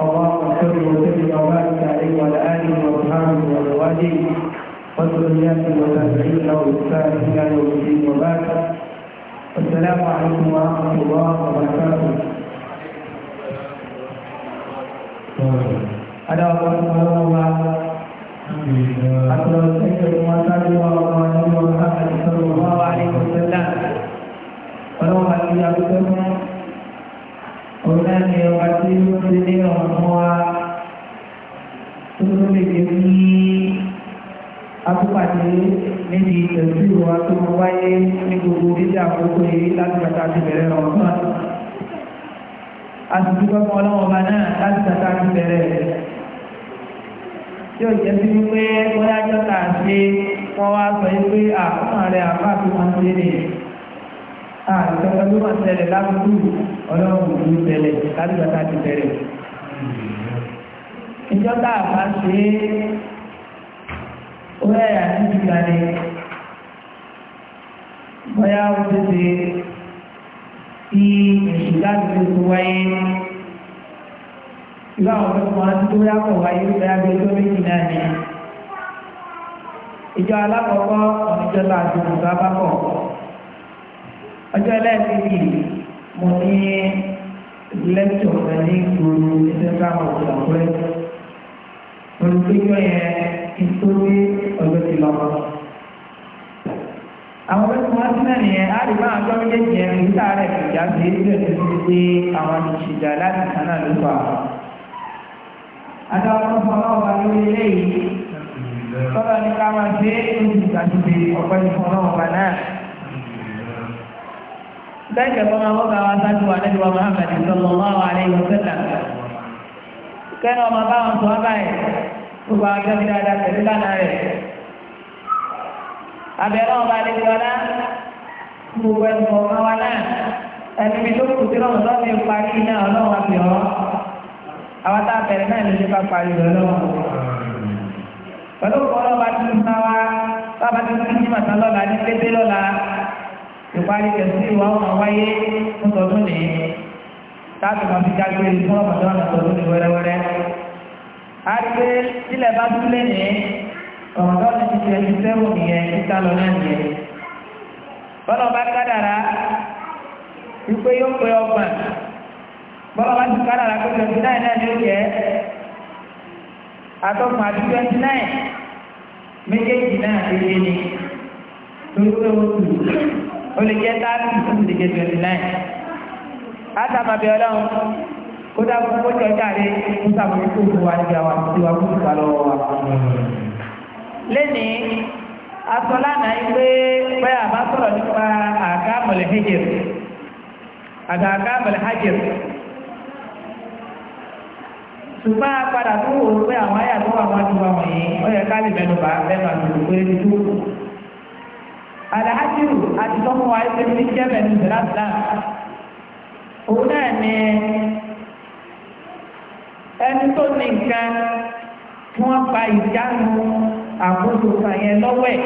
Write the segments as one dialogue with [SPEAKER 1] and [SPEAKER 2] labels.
[SPEAKER 1] اللهم صل وسلم وبارك عليه وعلى اله واصحابه وازواجه وذرياته وتابعين واحسان الى يوم الدين وبارك السلام عليكم ورحمه الله وبركاته ada orang orang atau saya mengatakan orang orang yang ọ̀rẹ́ ni ọba tí ó ti ní ọ̀nà wa tó ló lè fi ní
[SPEAKER 2] akópàdé níbi ìtẹ̀síwò wa tó wáyé ní gbogbo dídí àkókò yìí láti bàtà àti bẹ̀rẹ̀ ọ̀nà àtúntò fún ọlọ́wọ́ ọba náà láti bàtà àti bẹ̀rẹ̀ tí ó jẹ́ sí wípé wọ́n yájọ́ tà sí wọ́n wá sọ wípé àkókò rẹ̀ àpá àti wọn ti rè àìsọ̀rọ̀ ah, ló máa tẹ̀lẹ̀ lábúrú ọlọ́run ló tẹ̀lẹ̀ lábúgbàtà ti bẹ̀rẹ̀. ìjọba àbá ṣe é orí ẹ̀yà ní ìgbà ni bóyá ó ti ṣe tí èṣù láti fi tó wáyé ìgbà àwọn ọmọ wọn tó yàtọ̀ wáyé ó bẹ́ẹ̀ gbé lórí náà ni ìjọ alákọ̀ọ́kọ́ ọ̀nìjọba àti ìjọba bá kọ̀ọ̀kọ̀ ọjọ́ ẹlẹ́ẹ̀kejì mo ní lẹ́tọ̀ kan ní ìgboro ìṣẹ́ká ọ̀sẹ̀ ọ̀pẹ́ olùgbéjọ yẹn kí n tó dé ọjọ́ ti lọ. àwọn ọ̀pẹ́ wọn ti náà yẹn á rí máa gbọ́ méjèèjì yẹn nígbà rẹ̀ ìjà sí ìjọ ti fi pé àwọn ìṣèjà láti kan náà ló fà. adáwọn ọmọ ọlọ́wọ́ wa lórí eléyìí tọ́lá ní ká máa ṣe é ó ti gbàgbé ọ̀pẹ́ ìfọ̀nà náà bẹ́ẹ̀ kẹ́kọ̀ọ́ máa wa sáájú wa lẹ́nu wa Muhammad sallallahu alayhi wa sallam kẹ́nu ọmọ bá wọn sọ wá báyìí gbogbo àwọn akẹ́kọ̀ọ́ dáadáa pẹ̀lú lánàá rẹ̀ abẹ́rẹ́ ọba àlejò ọlá gbogbo ẹnu ọ̀gá wa náà ẹni mi tó kù sí lọ́wọ́ tó ní parí náà ọlọ́wọ́ àti ọ́ àwọn tá a bẹ̀rẹ̀ náà ló ṣe parí rẹ̀ pẹ̀lú ọlọ́wọ́ ìparí kẹsí ìwà ọmọ wáyé fún tọdún ní táàbì máa fi dágbé e fún ọmọdé wọn tọdún ní wẹ́rẹ́wẹ́rẹ́ a rí pé sílẹ̀ bá tún lé ní
[SPEAKER 1] ọmọdé wọn ti tiẹ̀ ti sẹ́wọ̀n nìyẹn títà lọ náà nìyẹn
[SPEAKER 2] bọ́lá ọba kádàrá wípé yóò pé ọgbà bọ́lá ọba ti kádàrá pé twenty nine náà ni ó jẹ́ àtọ́kùn àti twenty nine méjèèjì náà ti lé ní torí pé ó tù ó lè jẹ́ táàbì tó ti jẹ́ twenty nine látàmà bí ọlọ́run kó dákun kó jọ jáde kó sàmójú kó fún wa níbi àwọn àti wa kó fún wa lọ́wọ́ wa. lénìí aṣọ lánàá yìí pé pé àbá sọ̀rọ̀ nípa àká mọ̀lẹ́ hajir àti àká ṣùgbọ́n a padà tó wò ó pé àwọn àyà tó wà wọ́n ti wà wọ̀nyí ó yẹ ká lè mẹ́nu bá mẹ́nu àti òkú ẹni tó kù àdáhàjìrù àti tọ́kọ̀ wa ẹsẹ̀ ní jẹ́bẹ̀ ní ìdílásílá òun náà ni ẹni tó ní nǹkan tí wọ́n pa ìjánu àkóso kàyẹn lọ́wọ́ ẹ̀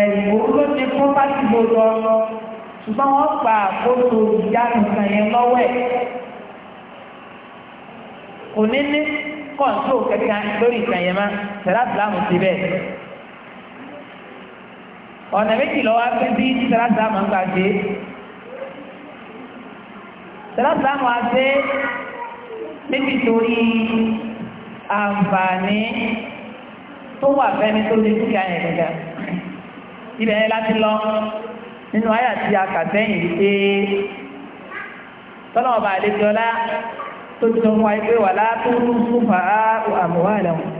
[SPEAKER 2] ẹ̀yìn òun ló ti kọ́ bá ti gbogbo ọ ṣùgbọ́n wọ́n pa àkóso ìjánu kàyẹn lọ́wọ́ ẹ̀ kò ní kọ́ńtò kẹta lórí ìkàyẹn má tẹ̀lá bìlámù síbẹ̀ ọ̀nà méjì lọ́wọ́ pé bí sẹ́lásà máa ń gbà dé sẹ́lásà máa dé níbi torí àǹfààní tó wà fẹ́ni tó lè dúkìá yẹn gbẹ̀gbẹ̀ ibẹ̀ yẹn láti lọ nínú àyà tí a kà sẹ́yìn pé tọ́lọ́mọba àlejò ọlá tó ti sọ fún wa pé wà látó fún fàá àmúwá àlẹ́wọ̀n.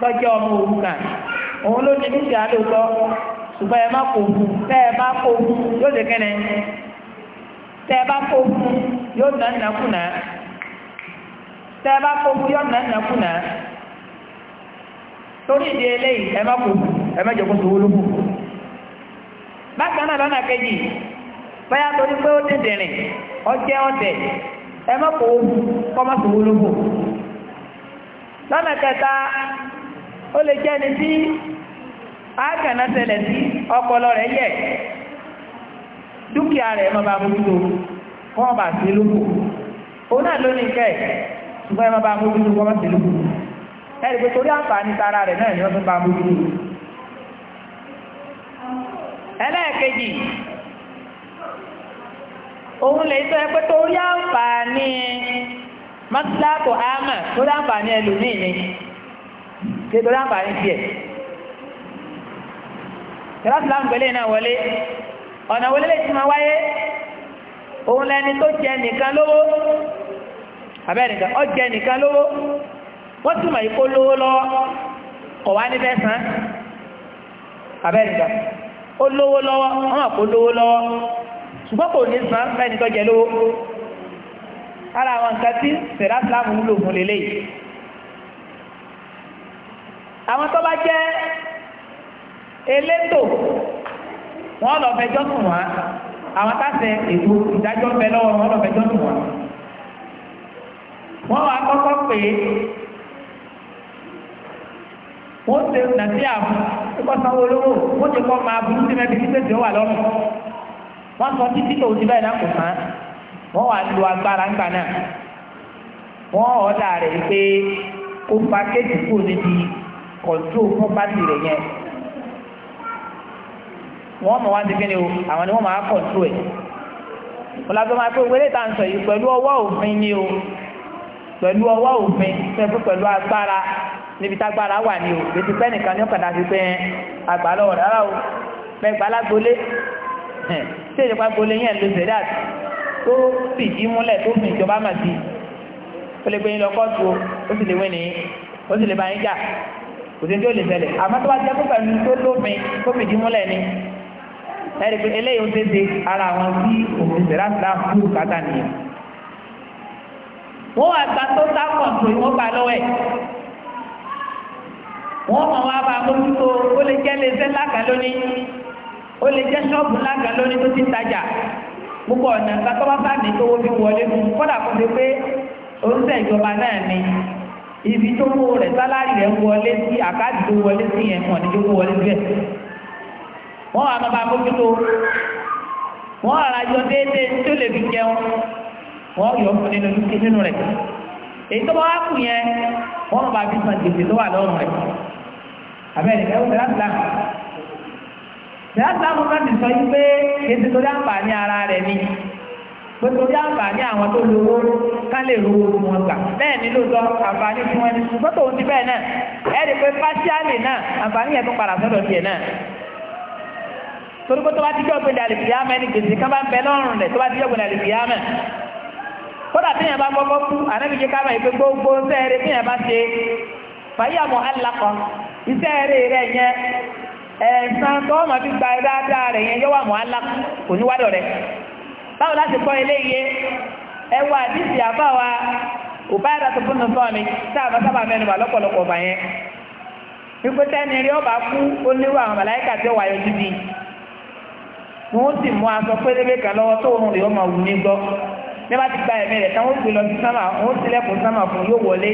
[SPEAKER 2] lọ́jọ́ ọmọ òun kan òun ló ní níṣẹ́ àlòtọ́ ṣùgbọ́n ẹ má kó fún tẹ́ ẹ bá kó yóò ṣe kẹ́nẹ́ tẹ́ ẹ bá kó yóò nà nàkúnà tẹ́ ẹ bá kó fún yóò nà nàkúnà torí ìdí eléyìí ẹ má kó ẹ má jẹ́ kó sọ bákan náà lọ́nà kejì báyà torí pé ó ọjẹ́ ẹ má kó kọ́ má ó lè jẹ́ ẹni tí ákànná ṣẹlẹ̀ sí ọpọlọ rẹ̀ yẹ̀ dúkìá rẹ̀ mọ́ bá mójútó wọ́n bá sí lóko o náà ló ní kẹ́ ṣùgbọ́n ẹmọ́ bá mójútó wọ́n sí lóko ẹ̀rì pé torí àǹfààní tara rẹ̀ náà ni wọ́n bá mójútó ẹlẹ́ẹ̀kejì òun lè sọ ẹgbẹ́ torí àǹfààní mọ́tíláàkù àmà torí àǹfààní ẹlòmíì ni ṣe torí àǹfààní tiẹ̀ kíláàsì láǹgbẹ̀lẹ̀ náà wọlé ọ̀nà wọlé lè ti máa wáyé òun lẹni tó jẹ nìkan lówó abẹ́nìkan ọ jẹ nìkan lówó wọ́n túnmọ̀ yìí kó lówó lọ́wọ́ kọ̀ wá ní bẹ́ẹ̀ sàn abẹ́nìkan ó lówó lọ́wọ́ wọ́n mọ̀ kó lówó lọ́wọ́ ṣùgbọ́n kò ní san fẹ́ni tó jẹ lówó ara àwọn nǹkan tí sẹ̀rá sílámù ń lò fún lélẹ́yìí àwọn tó bá jẹ́ elétò wọn lọ fẹjọ́ sùn wá àwọn táṣẹ ètò ìdájọ́ ń bẹ lọ fẹjọ́ sùn wá kọ́kọ́ pé wọ́n ṣe nàbí àbú sanwó olówó máa burú sí mẹ́bí títẹ̀ ó wà lọ́rùn wọ́n sọ títí tó ti náà kò lu agbára ńgbà náà kọ̀ntró property rẹ̀ yẹn wọ́n mọ̀ wá sí kí ni o àwọn ni wọ́n máa kọ̀ntró ẹ̀ wọ́n lágbọ́n máa pé wẹ́lẹ́ tá à ń sọ yìí pẹ̀lú ọwọ́ òfin ni o pẹ̀lú ọwọ́ òfin pẹ̀lú pẹ̀lú agbára níbi tágbára wà ní o ètò pẹ́ nìkan ní ọ̀kadà sí pé àgbà lọ́wọ́ rárá o pẹ̀gbà lágbolé tí èdè pàgbólé yẹn ló zẹ̀dá tó fìdí múlẹ̀ tó fi ìjọba mà sí o lè gbé yín lọ kọ́ọ̀tù o ó sì lè wé nìyí ó sì lè bá yín jà kò sí ní ó lè bẹ̀lẹ̀ àmọ́ tó bá jẹ́ pé pẹ̀lú tó lófin tó fi dí múlẹ̀ ni ẹ̀rí pé eléyìí ó dédé ara àwọn tí òun ìṣẹ̀rá ti dáa fún bùkátà nìyẹn wọ́n wá gba tó sá kọ̀ǹtò ìwọ́n bá lọ́wọ́ ẹ̀ wọ́n mọ̀ wá bá mójútó ó lè jẹ́ léṣẹ́ lága lónìí ó lè jẹ́ ṣọ́ọ̀bù lága lónìí tó ti ń tajà púpọ̀ ọ̀nà ìgbà tó bá bá mi tó wọ́n wọlé fún kódà kó ti pé oríṣẹ́ ìjọba náà ni ibi tó kó rẹ̀ sálárì rẹ̀ wọlé sí àkáàdì tó wọlé sí yẹn wọn ni tó kó wọlé síbẹ̀ wọ́n wà bàbá mójútó wọ́n àràjọ déédéé tó lè fi jẹun wọ́n yọ fún nínú dúkìá nínú rẹ̀ èyí tó bá wá kù yẹn wọ́n bá fi san gbèsè tó wà lọ́rùn rẹ̀ abẹ́rẹ́ ẹ̀wọ̀n tẹ̀lá tẹ̀lá tẹ̀lá tẹ̀lá mo bá ti sọ yí pé ètò tó dá ń ní ara rẹ̀ ni. gbogbo ní àwọn tó lówó ká lè ro ogun wọn gbà bẹ́ẹ̀ ni lóòótọ́ àǹfààní tí wọ́n ní gbọ́tò ohun ti bẹ́ẹ̀ náà pé náà àǹfààní yẹn tún padà sọ́dọ̀ tiẹ̀ náà torí pé tó bá ti dàlẹ́ mẹ́ ní gbèsè ká bá ń bẹ lọ́rùn rẹ̀ tó bá ti jọ́ pé dàlẹ́ fìyà mẹ́ kódà tí yẹn bá gbọ́gbọ́ kú ànábìyẹ ká máa gbogbo sẹ́ẹ̀rẹ́ tí yẹn bá báwo láti kọ́ iye ẹwà àdísì àbáwa òbáyàdà tó fún nùtọ́ mi sáàbà sábà lọ́pọ̀lọpọ̀ ọ̀bà yẹn wípé tẹ́ni rí ọba kú ó níwò àwọn màláìkà tí ó wáyọ jíjì wọ́n sì mú aṣọ pélébé kan lọ́wọ́ tó ọmọ òun ní gbọ́ bá gba ẹ̀mí rẹ̀ táwọn lọ sí sámà wọ́n lẹ́kùn sámà fún yóò wọlé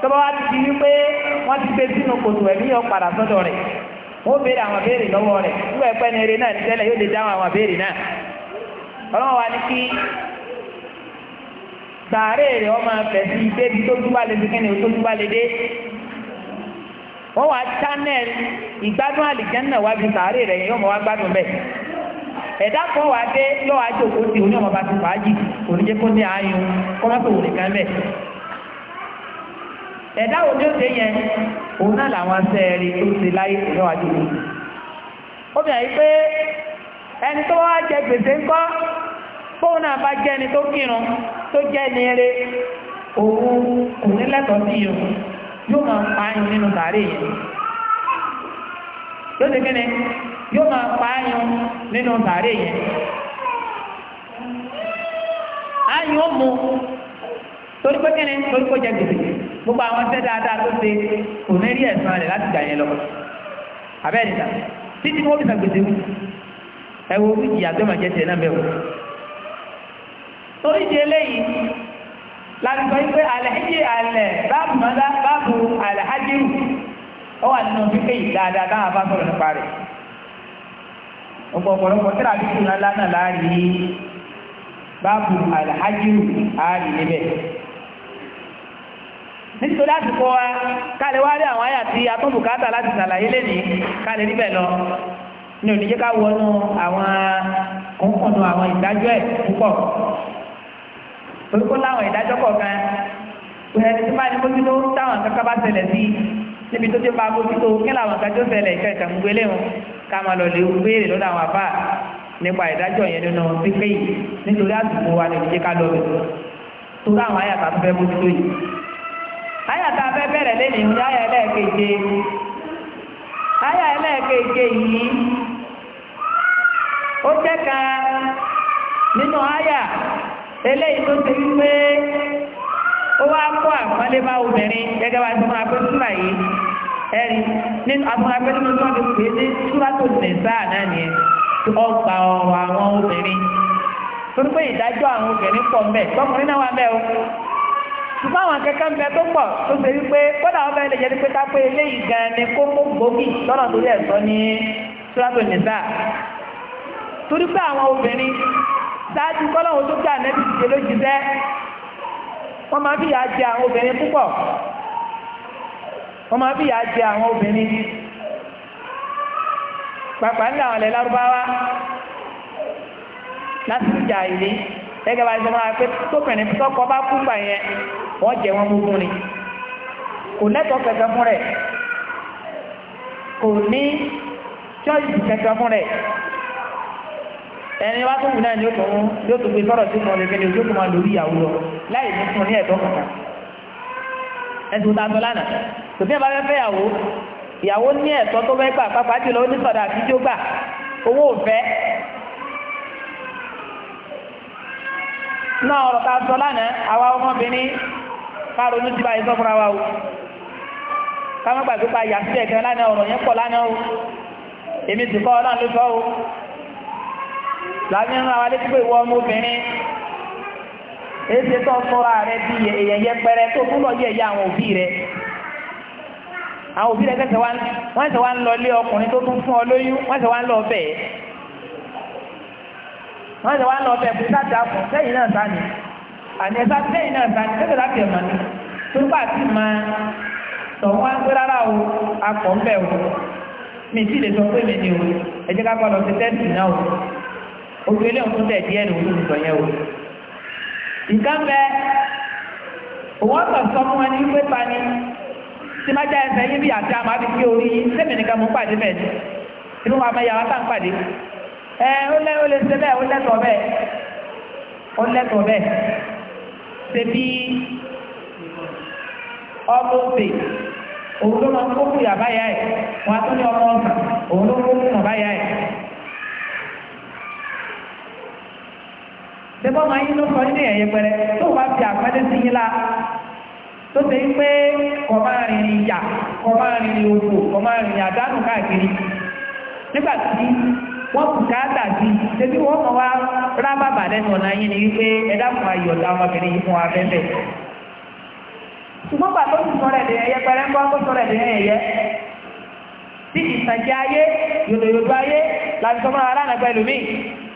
[SPEAKER 2] tọ́ba wá ti wọ́n ti gbé sínú kòtò ẹ̀mí yọ àwọn béèrè lọ́wọ́ rẹ̀ yóò lè dáhùn ọlọ́wọ́ wa ní kí sàárè rẹ̀ ọmọ ẹ̀fẹ̀ sí débi tó túbà lè dúkẹ́ ní tó túbà lè dé wọ́n wá channel ìgbádùn àlìjẹ́nà wá bí sàárè rẹ̀ yóò mọ̀ wá gbádùn bẹ́ẹ̀ ẹ̀dá kan wà dé lọ́wọ́ ajé òkú ti oní ọmọba ti fàájì oníjẹ́ kó ní ààyùn kọ́ má fòwò nìkan bẹ́ẹ̀ ẹ̀dá wo ni ó ṣe yẹn òun náà làwọn sẹ́ẹ̀rì tó ṣe láyé lọ́wọ́ ajé òkú ó pé ẹni tó wá jẹ gbèsè fóun náà bá jẹ́ ni tó kírun tó jẹ́ ni eré òun kò ní lẹ́tọ̀ọ́ sí yòó yóò máa pààyàn nínú sàárè yẹn yóò ṣe kíni yóò máa pààyàn nínú sàárè yẹn ayò ó mu torí pé kíni torí pé ó jẹ gbèsè gbogbo àwọn ṣẹ́ dáadáa tó ṣe kò ní rí ẹ̀san rẹ̀ láti gbà yẹn lọ abẹ́rẹ́ ta títí wọ́n sàgbèsè wù ẹ̀wọ̀n ojú ìyá tó máa jẹ tiẹ̀ náà bẹ́ẹ̀ wò torí di eléyìí láti sọ pé àlẹ́hìjì àlẹ́ báàbù mọ́lá báàbù àlẹ́hájìrù ó wà nínú fífẹ́ yìí dáadáa táwọn afá sọ̀rọ̀ nípa rẹ̀ ọ̀pọ̀lọpọ̀ tíra bí kùnà lánàá láàrin báàbù àlẹ́hájìrù àárín níbẹ̀ nítorí àsìkò wa kálẹ̀ wá rí àwọn àyà tí a tún bùkátà láti ṣàlàyé lẹ́nìí kálẹ̀ níbẹ̀ lọ ní òní jẹ́ ká wọnú àwọn kòńkòndùn àwọn ìdájọ́ ẹ̀ púpọ̀ orúkọ láwọn ìdájọ́ kọ̀ọ̀kan ẹni tí máa ní mójútó táwọn kankan bá ṣẹlẹ̀ sí níbi tó dé máa mójútó kí làwọn kan tó ṣẹlẹ̀ ìkẹ́ ìkàmú wọn ká máa lọ lè béèrè lọ́dọ̀ àwọn àbá nípa ìdájọ́ yẹn nínú pípé yìí nítorí wa lè jẹ́ ká lọ tó láwọn àyàtà eléyìí tó ó wá kó bá obìnrin gẹ́gẹ́ bá yìí ẹ̀rí nínú tó ti pè é ní náà nìyẹn ọgbà ọ̀rọ̀ àwọn obìnrin ìdájọ́ àwọn obìnrin pọ̀ tọkùnrin náà wà o ṣùgbọ́n àwọn akẹ́kọ̀ọ́ mbẹ́ tó pọ̀ tó ṣe kódà wọn lè pé eléyìí gan ni gbòógì lọ́nà ní torí pé àwọn obìnrin sáájú kọ́lọ́hún tó kí ànẹ́bí ti ló jíṣẹ́ wọ́n máa fìyà jẹ àwọn obìnrin púpọ̀ wọ́n máa fìyà jẹ àwọn obìnrin pàpà ńlá àwọn ilẹ̀ lárúbáwá láti ìjà ìlú gẹ́gẹ́ bá ṣe máa pé tókùnrin tọ́kọ bá kú gbà yẹn wọ́n jẹ wọn gbogbo ni kò lẹ́tọ̀ọ́ kẹ̀kẹ́ fún rẹ̀ kò ní ṣọ́ọ̀ṣì kẹ̀kẹ́ fún rẹ̀ ẹni wá tó wù náà ni yóò tún gbé sọ́rọ̀ sí ọmọ bèbè ni ojú kò lórí ìyàwó lọ láì ní fún ní ẹ̀tọ́ tó lánàá tó bí ẹ bá fẹ́ fẹ́ ìyàwó ìyàwó ní ẹ̀tọ́ tó gbà pápá jùlọ ó ní àti tí ó gbà owó òfẹ́ náà ọ̀rọ̀ ta sọ lánàá àwa ọmọbìnrin o ká má gbàgbé láti ń ra wa létí pé ìwọ ọmọbìnrin èsì tó sọ́ra rẹ bí èyàn yẹpẹrẹ tó tún lọ yẹ ìyá àwọn òbí rẹ àwọn òbí rẹ tẹsẹ̀ wọ́n ṣe wá ń lọ lé ọkùnrin tó tún fún ọ lóyún wọ́n ṣe wá ń lọ bẹ̀ wọ́n ṣe wá ń lọ bẹ̀ fún sáàtì àfún sẹ́yìn náà sáni àní ẹ̀sá sẹ́yìn náà sáni sẹ́yìn láti ẹ̀mọ́ ni tó bá ti máa tọ̀ wọ́n á ń rárá o akọ̀ ń bẹ̀ o mi ti lè sọ pé mi ni o ẹ̀jẹ̀ ká gbọ́dọ̀ ti tẹ́sì òkú ilé òkú tẹ̀ díẹ̀ ní òkú sọ yẹn o nǹkan bẹ òwò ọ̀sọ̀ sọ fún wọn ní pé pani tí má já ẹsẹ̀ yín bí àti àmọ́ àbí kí orí yín sẹ́mi nìkan mú pàdé bẹ́ẹ̀ ni inú wa máa yàrá tá pàdé ẹ ó lẹ́ ó lè ṣe bẹ́ẹ̀ ó lẹ́tọ̀ọ́ bẹ́ẹ̀ ó lẹ́tọ̀ọ́ bẹ́ẹ̀ ṣe bí ọmọ òsè òun ló máa ń kókù yàbá yá ẹ̀ wọn á tún ní ọmọ ọ̀sán òun ló kókù yá ṣẹ́bọ́ máa yín ló sọ nínú ẹ̀yẹ pẹrẹ tó bá fi àpẹẹrẹ sí yín la tó ṣe pé kò máa rìn ìyà kò máa rìn òfò kò máa rìn àdánù káàkiri nígbà tí wọ́n kù káàtà sí i ṣebí wọ́n mọ̀ wá rábàbà lẹ́nu ọ̀nà yín ni wípé ẹ dákun ayọ̀dá ọmọbìnrin yìí fún wa fẹ́fẹ́ ṣùgbọ́n bàbá òsì sọ̀rọ̀ ẹ̀dẹ̀ ẹ̀yẹ pẹrẹ ńkọ́ kó sọ̀rọ̀ ẹ̀dẹ̀ ẹ̀yẹ tí ìtàjẹ ayé yòdòyòdò ayé làbísọ́mọ́ aláàgbà ẹlòmíì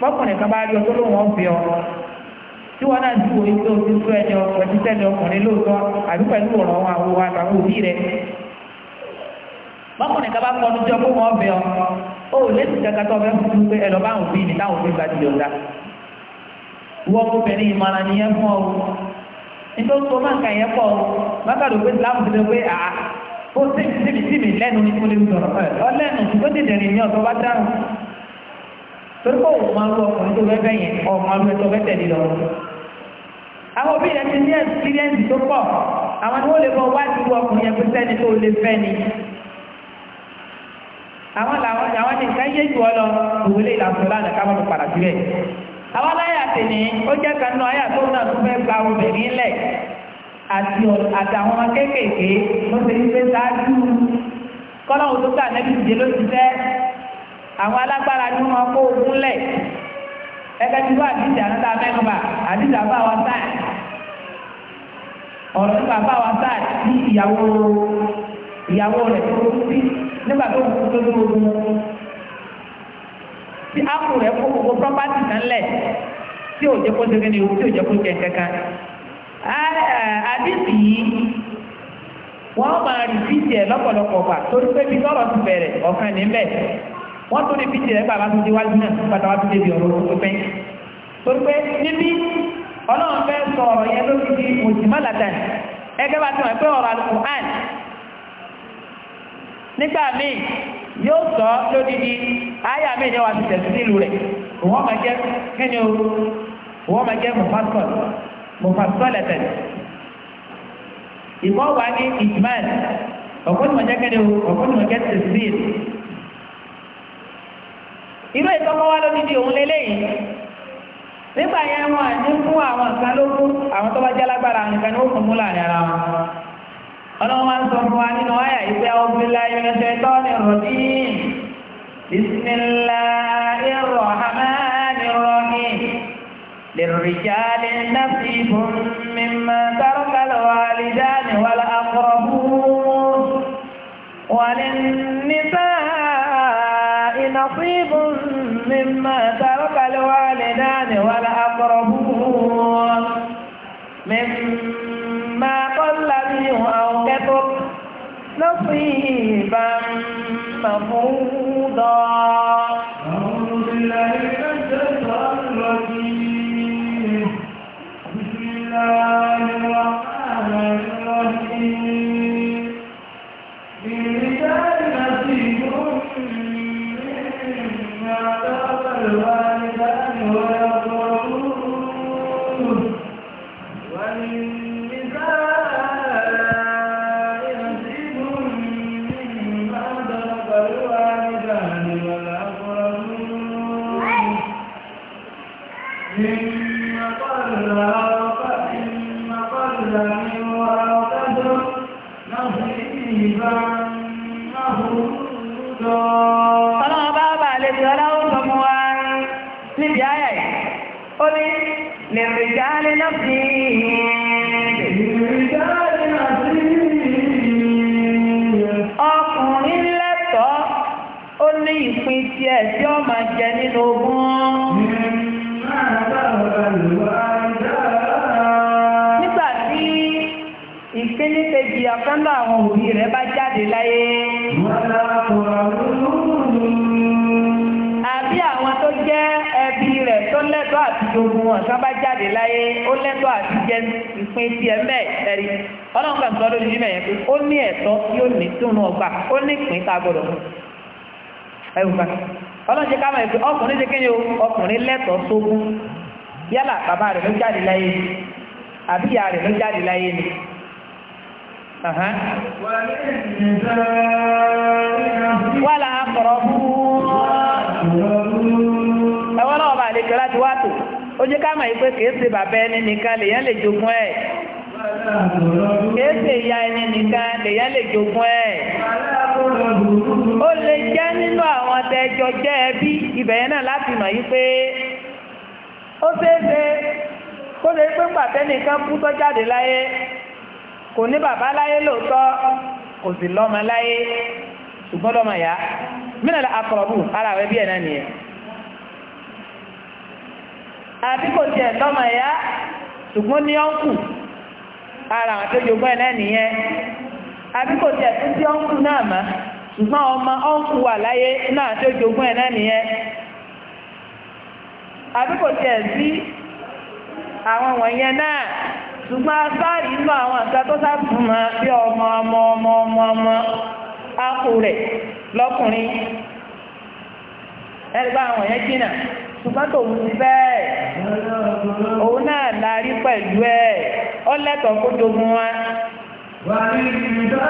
[SPEAKER 2] bọ́kùnrin kan bá rí ọ tó lóun ọ̀fẹ́ ọ tí wọn náà dúró yìí tó ti tó ẹni ọkọ ti tẹ́lẹ̀ ọkùnrin lóòótọ́ àbí pẹ̀lú ọ̀rọ̀ wọn àwọn àtàwọn òbí rẹ̀ bọ́kùnrin kan bá kọ́ ọdún jọ fún wọn ọ̀fẹ́ ọ ó létí kankan tó ọbẹ̀ fún pé ẹlọ bá òbí mi táwọn òbí gbàdúrà ọ̀dà wọ́n obìnrin ìmọ̀ràn nìyẹn fún ọ nítorí tó máa ń ka ìyẹn pọ̀ bákàdé òpin láàmú ti lè pé àá ó sì sí mi lẹ́nu ní kúlẹ̀ ọ̀lẹ́nu ó dìde rìn ní ọ̀dọ́ bá dáhùn torípò òun máa ń lọ ọkùnrin tó fẹ́fẹ́ yẹn ọmọ ọdún ẹ̀tọ́ fẹ́tẹ̀ lílọ àwọn òbí rẹ̀ ti ní ẹ̀sìpírẹ́ǹsì tó pọ̀ àwọn ni wọ́n lè mọ wá ìlú ọkùnrin yẹn pé sẹ́ni tó lè fẹ́ ni àwọn làwọn àwọn ní nǹkan yé jù ọ lọ òwe lè làǹtọ̀ lánàá ká mọ́tò padà síbẹ̀ àwọn aláyà tèmi ó jẹ́ kan náà ayà tó náà tó fẹ́ gba obìnrin lẹ̀ àti àtàwọn ọmọ kéékèèké ló ṣe ń gbé sáájú kọ́lọ́hùn àwọn alágbára ni wọ́n kó ogun lẹ̀ ẹgbẹ́ tí wọ́n àdìsí àtàtà mẹ́nuba àdìsí àbá wa sáà ọ̀rọ̀ nípa àbá wa sáà sí ìyàwó ìyàwó rẹ̀ tó kú sí nígbà tó kú tó tó ogun tí ápù rẹ̀ kó gbogbo pọ́pátì náà lẹ̀ tí ò jẹ́ kó ṣe kíni o tí ò jẹ́ kó jẹ kankan eh, àdìsí yìí wọ́n máa rìpítì ẹ̀ lọ́pọ̀lọpọ̀ gbà torí pé bí tọ́rọ̀ ti bẹ̀rẹ̀ ọ̀kan níbẹ̀ wọ́n tó lè fi jẹ́ bàbá tó ti wájú náà padà wá tó lè bí ọ̀rọ̀ tó fẹ́ torí pé níbi ọlọ́run fẹ́ sọ ọ̀rọ̀ yẹn ló fi di mùsùlùmọ́làtà ẹgbẹ́ bá ti mọ̀ pé ọ̀rọ̀ àlùkò àn nígbà míì yóò sọ lódìdí àyà míì ni wàá ti tẹ̀sí sílùú rẹ̀ wọ́n máa jẹ́ kẹ́ni o wọ́n máa jẹ́ mufasol mufasolẹ̀tẹ̀ ìmọ̀ wà ní ìjìmáà ọ̀pọ̀ tí wọ́n jẹ́ kẹ́ni o ọ̀pọ̀ tí wọ́n jẹ́ tẹ̀sí sílùú irú ìtọ́kọ́ wá lóbi di òun lélẹ́yìn nígbà yẹn wọn ní fún àwọn nǹkan lógún àwọn tó bá jẹ́ lágbára nǹkan ní ó fún mú láàrin ara wọn ọlọ́run máa ń sọ fún wa nínú àyà yìí pé àwọn obìnrin láyé ẹsẹ̀ tọ́ ni rọ̀dí bisimilahi rahmani rahim lèrìjàlè nàfi fún mímọ tàrọkàlọ àlìjáni wàlá àkọrọbù wàlẹ nípa.
[SPEAKER 1] نصيب مما ترك الوالدان والأقربون مما قل منه أو كثر نصيبا مفروضا أعوذ بالله من الشيطان الرجيم بسم الله الرحمن الرحيم nínú
[SPEAKER 2] àwọn òbí rẹ̀ bá jáde láyé. àbí àwọn tó jẹ́ ẹbí rẹ̀ tó lẹ́tọ́ àti jogun wọn sábà jáde láyé ó lẹ́tọ́ àti jẹ ìpín tí ẹ mẹ́ ẹ̀rí ọlọ́run kan sọ lórí mímẹ̀ yẹn pé ó ní ẹ̀tọ́ tí ó ní túnú ọgbà ó ní ìpín tá a gbọ́dọ̀ mú ẹ̀rù bá ọlọ́run ṣe ká mọ̀ pé ọkùnrin ṣe kéde ọkùnrin lẹ́tọ̀ọ́ sógún yálà bàbá rẹ̀ ló jáde láyé àbí ìyá rẹ̀ ló jáde láyé ni wọ́lá àkọ̀rọ̀bù ẹwọ́n náà bà láti wá tò ó jẹ́ ká mọ̀ yí pé kìí ẹni nìkan lèyàn lè jogún ẹ̀ kìí ìyá ẹni nìkan lèyàn lè jogún ẹ̀ ó lè jẹ́ nínú àwọn tẹ́jọ jẹ́ ẹbí ibẹ̀yẹn náà láti mọ̀ yí pé ó ṣeéṣe kó lè pé pàtẹ́nìkan kú tó láyé kò ní bàbá láyé lóòótọ́ kò sì lọ́mọ láyé ṣùgbọ́n lọ́mọ yá mínà akọ̀rọ̀bù ara rẹ̀ bí ẹ̀ náà nìyẹn
[SPEAKER 3] àbí kò tiẹ̀ yá
[SPEAKER 2] ṣùgbọ́n ní ọ́nkù ara àwọn tó jogún ẹ̀ náà nìyẹn àbí kò tiẹ̀ tún ọ́nkù náà mọ́ ṣùgbọ́n ọmọ ọ́nkù wà láyé náà ẹ̀ ṣùgbọ́n agbárí inú àwọn àgbà tó sáfún ma bí ọmọ ọmọ ọmọ ọmọ ọmọ ápò rẹ̀ lọ́kùnrin ẹ̀rí bá àwọn yẹn jìnnà ṣùgbọ́n tòun ti bẹ́ẹ̀ òun náà la pẹ̀lú ẹ̀ ọ lẹ́tọ̀ọ́ kó jogun wa. wà á rí ìgbà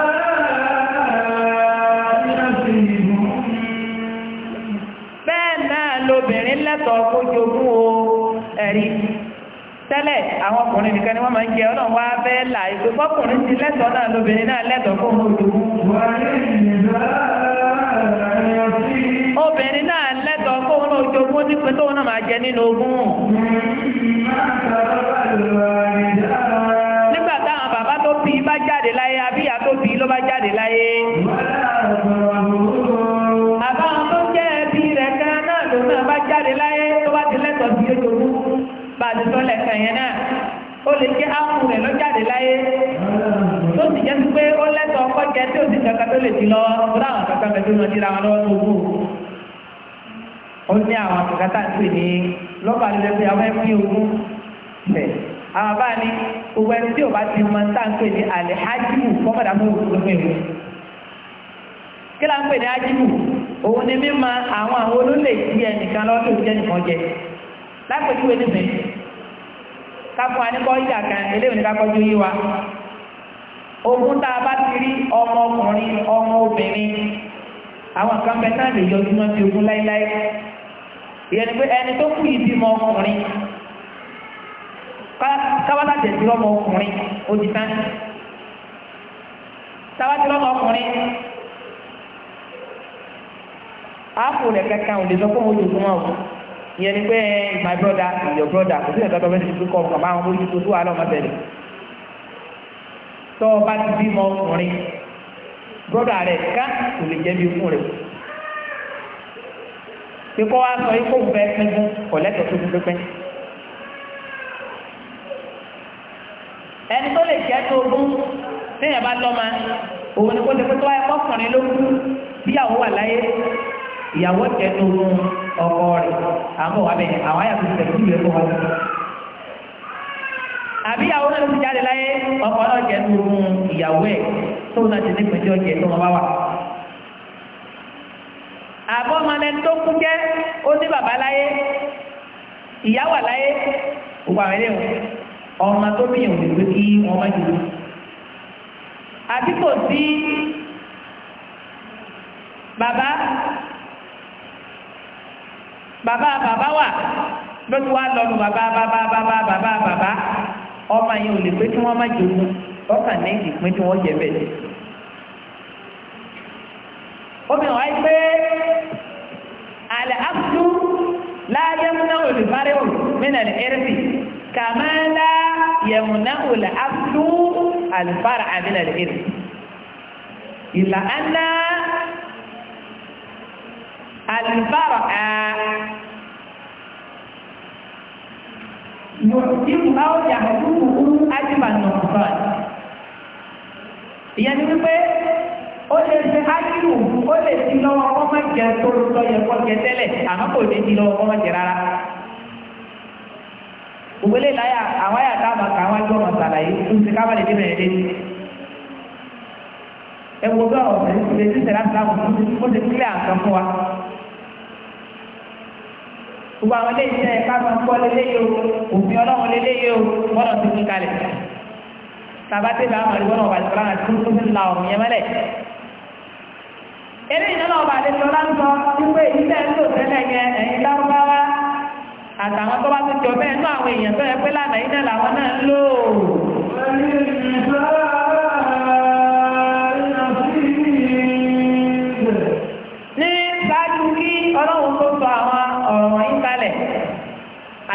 [SPEAKER 2] bẹ́ẹ̀ náà lobìnrin lẹ́tọ̀ọ́ kó jogun o ẹ̀rí tẹ́lẹ̀ àwọn ọkùnrin nìkan ni wọ́n máa ń jẹ ọlọ́run wá fẹ́ là ìpè fọ́kùnrin ti lẹ́tọ̀ọ́ náà lóbìnrin náà lẹ́tọ̀ọ́ fún òjògùn obìnrin náà lẹ́tọ̀ọ́ fóun náà òjògùn ti pé tóun náà máa jẹ nínú ogún nígbà táwọn bàbá tó bí bá jáde láyé àbíyá tó bí ló bá jáde láyé àdìsọ́lẹ̀ kan yẹn náà ó lè jẹ́ áàpù rẹ̀ lọ́jáde láyé tó sì jẹ́ pé ó lẹ́tọ̀ọ́ ọkọ̀ jẹ́ tí òsì kankan tó lè ti lọ ọdún àwọn kankan mẹ́tò náà díra wọn lọ́wọ́ tó kù ó ní àwọn kankan tá à ń pè ní lọ́pàá lílẹ̀ pé àwọn ẹ̀fín ogún bẹ̀ àwọn bá ní owó ẹni tí ò bá ti mọ tá à ń pè ní àlẹ́ ájìmù kọ́mọ̀dá fún òkú lómi ìwé kí là ń pè ní ájìmù òun ni mímọ àwọn àwọn olólè ti ẹnìkan lọ́wọ́ tó káfún aníkọ́ ìjà kan eléyìí ní kákọ́jú yí wa ogun tá a bá ti rí ọmọ ọkùnrin ọmọ obìnrin àwọn kan bẹ náà lè yọjú náà ti ogun láíláí ìyẹn ni pé ẹni tó kú ìbímọ ọkùnrin kábàlá tẹ̀sí lọ́mọ ọkùnrin ó ti tán tábàtí lọ́mọ ọkùnrin áàpù rẹ̀ kankan ò lè sọ fún ojú fún wọn o ìyẹn ni pé my brother your brother kò sí ẹ̀ka tó fẹ́ ti fi kọ́ ọ̀kan máa ń bójú tó tó wà lọ́mọ tẹ̀lé tó o bá ti bímọ ọkùnrin brother rẹ̀ ká kò lè jẹ́ bí fún rẹ̀ tí kò wá sọ ikú fẹ́ pínpín kọ̀lẹ́tọ̀ tó fún pínpín ẹni tó lè jẹ́ tó ogún téèyàn bá lọ́mọ òun ni kó lè pé tó wáyé kọ́kùnrin ló kú bíyàwó wà láyé ìyàwó tẹnu ọkọ rẹ̀ àmọ́ wà bẹ́ẹ̀ àwọn àyàfi tẹ̀lé ìwé fún wa. àbí ìyàwó náà ti jáde láyé ọkọ náà jẹ́ nu ìyàwó ẹ̀ tó náà ti nípìn tí ó jẹ́ tó wọn bá wà. àbọ̀ ọmọdé tó kú jẹ́ ó ní bàbá láyé ìyá wà láyé gbogbo àwọn eléwọ̀n ọmọ tó bí ìwé pé kí wọ́n má jù lọ. àbí kò sí bàbá bàbá bàbá wà lójú wa lọ́nu bàbá bàbá bàbá bàbá bàbá ọmọ yẹn ò lè pé kí wọ́n má jogún ọkàn ní ìpín tí wọ́n jẹ bẹ́ẹ̀. obìnrin wáyé pé àlẹ́ àkùtù láàyè múná olùfárẹ́wò mínà ẹ̀rẹ́sì kàmáńlá yẹ̀múná olè àkùtù àlùfárà àmínà ẹ̀rẹ́sì. ìlà àná البرأة يعجب أو يحجبه أجب النقصان يعني wípé ó lè ṣe ájúù ó lè ti lọ́wọ́ ọmọ jẹ tó lọ yẹ kọ́ jẹ tẹ́lẹ̀ àmọ́ kò lè ti lọ́wọ́ ọmọ jẹ rárá òwélé láyà àwọn àyà táwọn àkà àwọn àjọ ọmọ sàlàyé ń ti ká balẹ̀ débẹ̀rẹ̀ dé ẹ̀wọ̀n bí ọ̀rọ̀ ọ̀sẹ̀ gbogbo àwọn ilé iṣẹ́ káfọn kọ́ lélẹ́yìí o òfin ọlọ́run lélẹ́yìí o gbọ́dọ̀ ti fi kalẹ̀ tàbátẹ́ bá àwọn àdúgbò náà wà lọ́wọ́ àti tó fi la ọ̀rùn yẹn mẹ́lẹ̀ eré ìnáwó ọba àdéjọ láńsọ wípé ilé ẹ̀sọ́ tẹ́lẹ̀ yẹn ẹ̀yìn lárúbáwá
[SPEAKER 3] àtàwọn tó bá tó jọ bẹ́ẹ̀ nú àwọn èèyàn tó yẹ pé lánàá
[SPEAKER 2] iná làwọn náà ń lò ó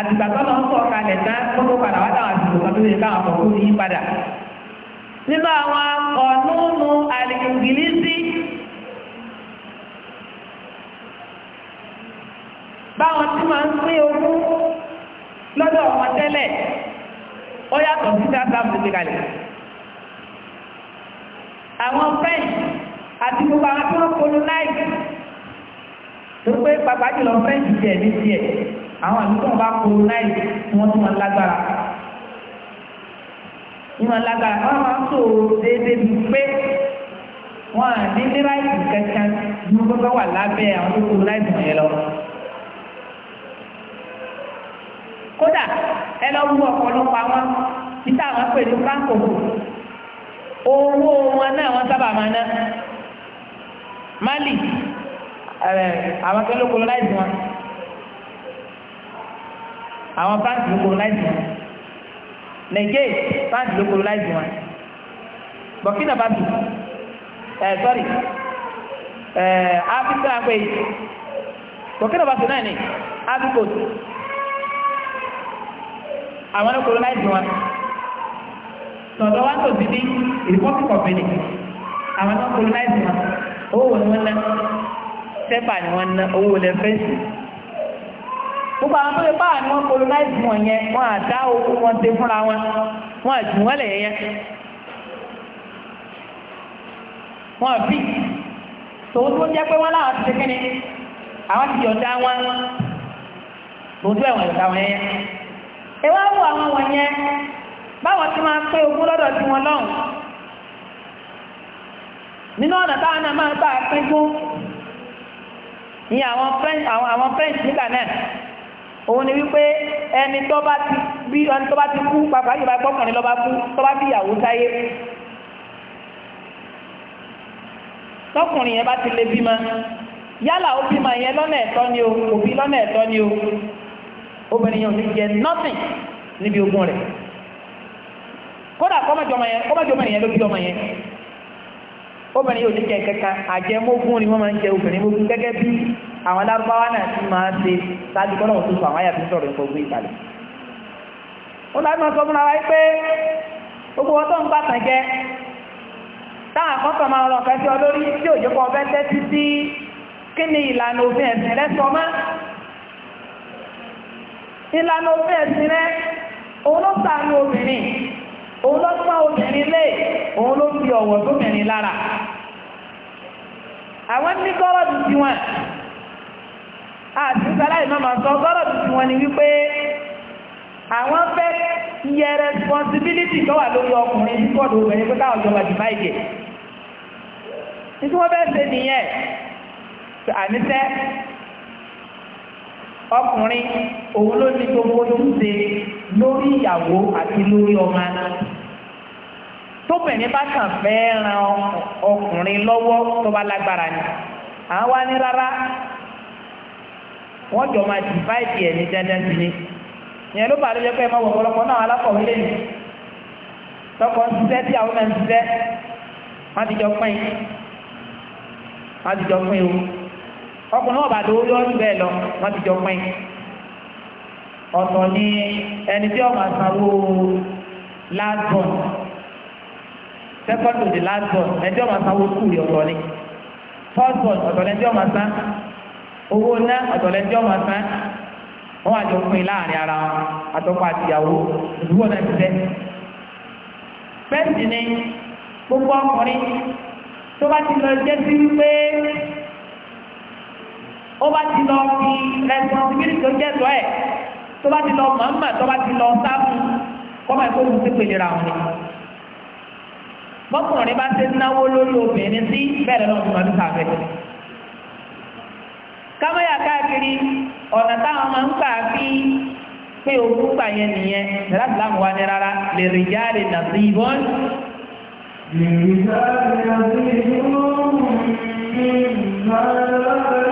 [SPEAKER 2] àtìgbà tó lọ́n sọ kalẹ̀ tán gbogbo padà wá dáwọn àdìgbò kan tó lè káwọn ọkọ̀ kú ní padà nínú àwọn ọ̀nùnù àlìkìngìlísì báwọn tí máa ń pín ogún lọ́dọ̀ ọmọ tẹ́lẹ̀ ó yàtọ̀ sí sáàtàm tó ti kalẹ̀ àwọn french àti gbogbo àwọn tí wọ́n kọlu láì tó pé pàpàjùlọ french jẹ̀ ní tiẹ̀ àwọn àdúgbò bá kúrú náà wọ́n tún máa lágbára wọ́n máa lágbára wọ́n máa sòrò déédéé bíi pé wọ́n á ní ní láìsí kankan ní wọ́n bá wà lábẹ́ àwọn tó kúrú láìsí yẹn lọ. kódà ẹ lọ wú ọ̀pọ̀lọpọ̀ àwọn títà wọn pè ní kánkòkò owó wọn náà wọ́n sábà máa ná Mali àwọn akẹ́lẹ́ kúrú láìsí wọn àwọn báńkì ló colonize wọn Niger báńkì ló colonize wọn Burkina Faso ẹ eh, sorry ẹ eh, Africa pé Burkina Faso náà ni Africa àwọn ló colonize wọn
[SPEAKER 1] tọ̀dọ̀ wá tó ti di
[SPEAKER 2] republic of benin àwọn tó colonize wọn owó wọn ni wọn ná sẹ́fà ni wọn ná owó wọn lẹ́fẹ̀ẹ́sì gbogbo àwọn tó lè bá àwọn colonize wọn yẹn wọn àdá ogun wọn ṣe fúnra wọn wọn àjù wọn lẹ̀ yẹn wọn àbí tòun tó jẹ́ pé wọ́n láwọn ti ṣe kíni àwọn ti yọ̀ǹda wọn tòun tó ẹ̀wọ̀n ìta wọn yẹn ẹ wá wo àwọn wọn yẹn báwọn ti máa pé ogún lọ́dọ̀ tí wọn lọ́hùn nínú ọ̀nà táwọn náà máa ń gbà pín fún ní àwọn French nígbà náà òun ni wípé ẹni tó bá ti bí ẹni tó bá ti kú pàpà yóò bá gbọ́kànlẹ̀ lọ́ba kú tó bá bí ìyàwó sáyé tọkùnrin yẹn bá ti lè bímọ yálà ó bímọ yẹn lọ́nà ẹ̀tọ́ ni o òbí lọ́nà ẹ̀tọ́ ni o obìnrin yẹn ò ní jẹ nothing níbi ogún rẹ̀ kódà kọ́mọ̀jọ́mọ̀ yẹn ló bí ọmọ yẹn obìnrin yóò jẹ́ kẹta àjẹmógún ni wọ́n máa ń jẹ obìnrin mógún gẹ́gẹ́ bí àwọn lárúbáwá náà ti máa ṣe sáájú kọ́nà tó sọ àwọn àyàfi sọ̀rọ̀ nǹkan ogun ìtàlẹ̀ ó láti máa sọ fún ara pé gbogbo wọn tó ń bá tàn jẹ táwọn akọ́kọ̀ máa lọ fẹ́ sí ọ lórí tí ò jẹ́ kó ọbẹ̀ tẹ́ sí sí kí ni ìlànà òfin ẹ̀sìn rẹ sọ mọ́ ìlànà òfin ẹ̀sìn rẹ òun ló sàánú obìnrin òun ló pá obìnrin lé òun ló fi ọ̀wọ̀ tó mẹ́rin lára àwọn ní gọ́rọ̀dù tí wọ́n àti sáláì náà máa sọ gọ́rọ̀dù tí wọ́n ni wípé àwọn fẹ́ yẹ responsibility tó wà lórí ọkùnrin tí kọ́dù obìnrin pé káwọn jọba jù báyìí nítorí wọ́n fẹ́ ṣe nìyẹn àníṣẹ́ ọkùnrin òun ló ní gbogbo ojúṣe lórí ìyàwó àti lórí ọmọ náà tóbìnrin bá kàn fẹ́ ran ọkùnrin lọ́wọ́ tó bá lágbára ni àwọn wá rárá wọ́n jọ máa dìváìdì ẹ̀ ní dandan sí ni ìyẹn ló bá ló pé ẹ ọ̀pọ̀lọpọ̀ náà alákọ̀wé lẹ́yìn tọkọ ń ṣiṣẹ́ tí àwọn ṣiṣẹ́ wọ́n ti jọ pín wọ́n ti o ọkùnrin wọn bá lówó lórí bẹ́ẹ̀ lọ wọ́n ti jọ pín ọ̀tọ̀ ni second to the last born ẹjọ́ máa san owó skul ọ̀tọ̀ ni first born ọ̀tọ̀ lẹ́jọ́ máa san owó ná ọ̀tọ̀ lẹ́jọ́ máa san wọ́n àjọ pín láàrin ara wọn àtọ́kọ àtìyàwó ìdúgbò náà ti tẹ́ bẹ́ẹ̀sì ni gbogbo ọkùnrin tó bá ti lọ jẹ́ sí wípé ó bá ti lọ fi responsibility tó jẹ́ tọ́ ẹ̀ tó bá ti lọ mọ̀ọ́mọ̀ tó bá ti lọ sáfù kọ́mọ̀ ẹ̀kọ́ òun ti pèlè ra wọn ni bọ́kùnrin bá ti náwó lórí obìnrin sí bẹ́ẹ̀ lọ́nà ọdún ọdún tàbí kámẹ́yà káàkiri ọ̀nà táwọn máa ń gbà bí pé ogún gbà yẹn nìyẹn láti láwọn wá ní rárá lè rí jáde nà sí ìbọn.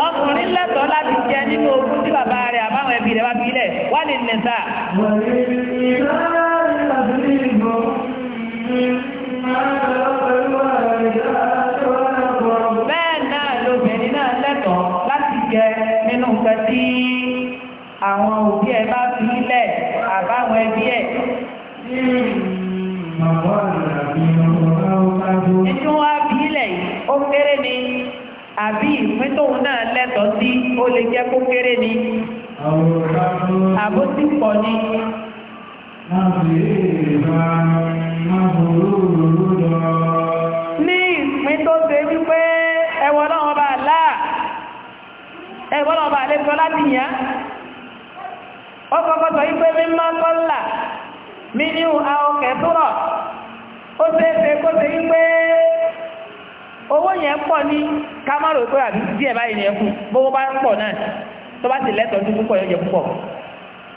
[SPEAKER 2] ọkùnrin lẹ́tọ̀ọ́ láti jẹ nínú ogún tí bàbá rẹ̀ àbáwọn ẹbí rẹ̀ bá fi lẹ̀ wá lè nẹ̀ta. wọ́n lè nẹ̀ta. tí àwọn òbí ẹ bá fi nílẹ̀ àbáwọn ẹbí ẹ̀ nínú wá bí ilẹ̀ ó kéré ni àbí ìpín tóun náà lẹ́tọ̀ọ́ sí ó lè jẹ́ kó kéré ni àbótí pọ̀ ni.
[SPEAKER 1] Máa bèèrè bá máa bòrò òróró
[SPEAKER 2] ẹ̀bọ́n ọba àlejò láti yàn ó kọ́kọ́ sọ wípé mímọ́ kọ́là mí ní àwọn kẹtùrọ̀ ó ṣe é ṣe kó ṣe wípé owó yẹn pọ̀ ní kámárò pé àbí díẹ̀ báyìí ni ẹkùn bówó bá pọ̀ náà tó bá ti lẹ́tọ̀ọ́ dún púpọ̀ yóò jẹ púpọ̀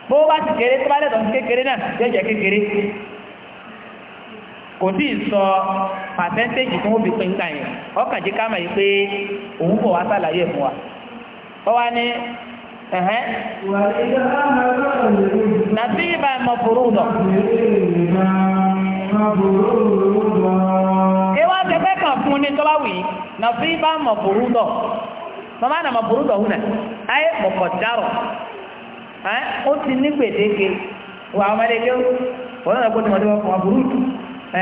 [SPEAKER 2] bówó bá ti kéré tó bá kékeré náà jẹ kékeré kò tí ì sọ ó wá ní ẹ̀hẹ́n nàbí ìbá ẹ̀mọ̀ fòrò dọ̀. ìwọ́n ti pẹ́ kàn fún ní tọ́lá wì nàbí ìbá ẹ̀mọ̀ fòrò dọ̀ màmá nà ẹ̀mọ̀ ọ dọ̀ hùnà ayé mọ̀kọ̀ dárọ̀ ó ti ní gbèdéke wà ọmọdé kéwù wọ́n náà gbọ́dọ̀ mọ̀dé wọn fún ọ̀bùrù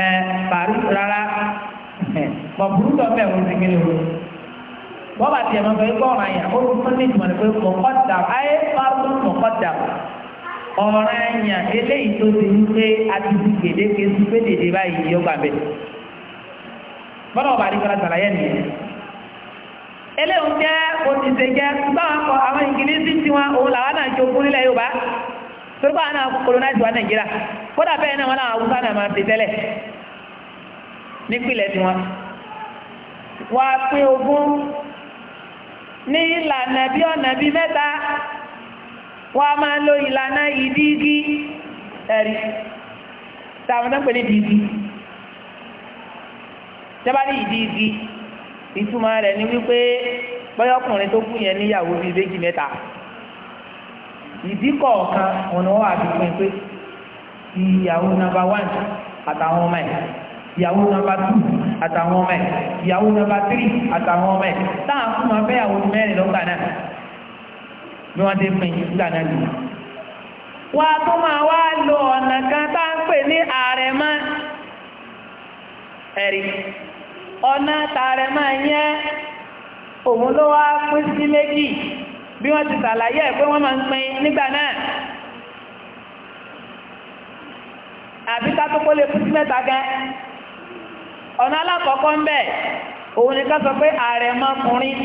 [SPEAKER 2] ẹ̀ bàrú rárá mọ̀bùrù dọ̀ ti gbé bọ́ọ̀bà tiẹ̀ máa fẹ́ gbọ́ ọ̀ràn yẹn ó tún ní ìtumọ̀ ní pé mọ̀kọ́dà ayé fárú mọ̀kọ́dà ọ̀ràn yẹn eléyìí tó ti ń pé àtúntò gbèdéke sí pé dèdè báyìí yóò gbà bẹ́ẹ̀. bọ́dọ̀ ọba àdìgbọ́lá sàlàyé nìyẹn. eléyìí jẹ́ òṣìṣẹ́ jẹ́ báwọn kọ àwọn ìngilísì tiwọn òun làwọn náà jogún nílẹ̀ Yorùbá torí báwọn náà colonize wa Nàìjíríà kódà bẹ́ẹ̀ náà wọn náà Haúsá náà máa ti tẹ́lẹ̀ nípìnlẹ̀ tiwọn. wàá pé ogún ní ìlànà bí ọ̀nà bí mẹ́ta wọ́n a máa lo ìlànà ìdígí ẹ̀rí táwọn náà pè ní ìdígí jẹba ní ìdígí ìtumọ̀ rẹ̀ ni wípé bọ́yọ́kùnrin tó kú yẹn níyàwó bíi méjì mẹ́ta ìdí kọ̀ọ̀kan ọ̀nà wà fi pé ìyàwó nàbà wán àtàwọn ọmọ ẹ̀ ìyàwó nọmba tù àtàwọn ọmọ ẹ̀ ìyàwó nọmba tírì àtàwọn ọmọ ẹ̀ táà fún wọn fẹ́yàwó mẹ́rin lọ́gbà náà bí wọ́n ti pin nígbà náà nìyí. wà á tún máa wá lo ọ̀nà kan tá à ń pè ní àrẹ̀mọ ẹ̀rí ọ̀nà tààrẹ̀mọ yẹn òun ló wá pín sí méjì bí wọ́n ti ṣàlàyé ẹ̀ pé wọ́n máa ń pin nígbà náà. àbí ká tó kó lè pín sí mẹ́ta gan ọ̀nà alákọ̀ọ́kọ́ ń bẹ̀ òun ni ká sọ pé àrẹ̀mọkùnrin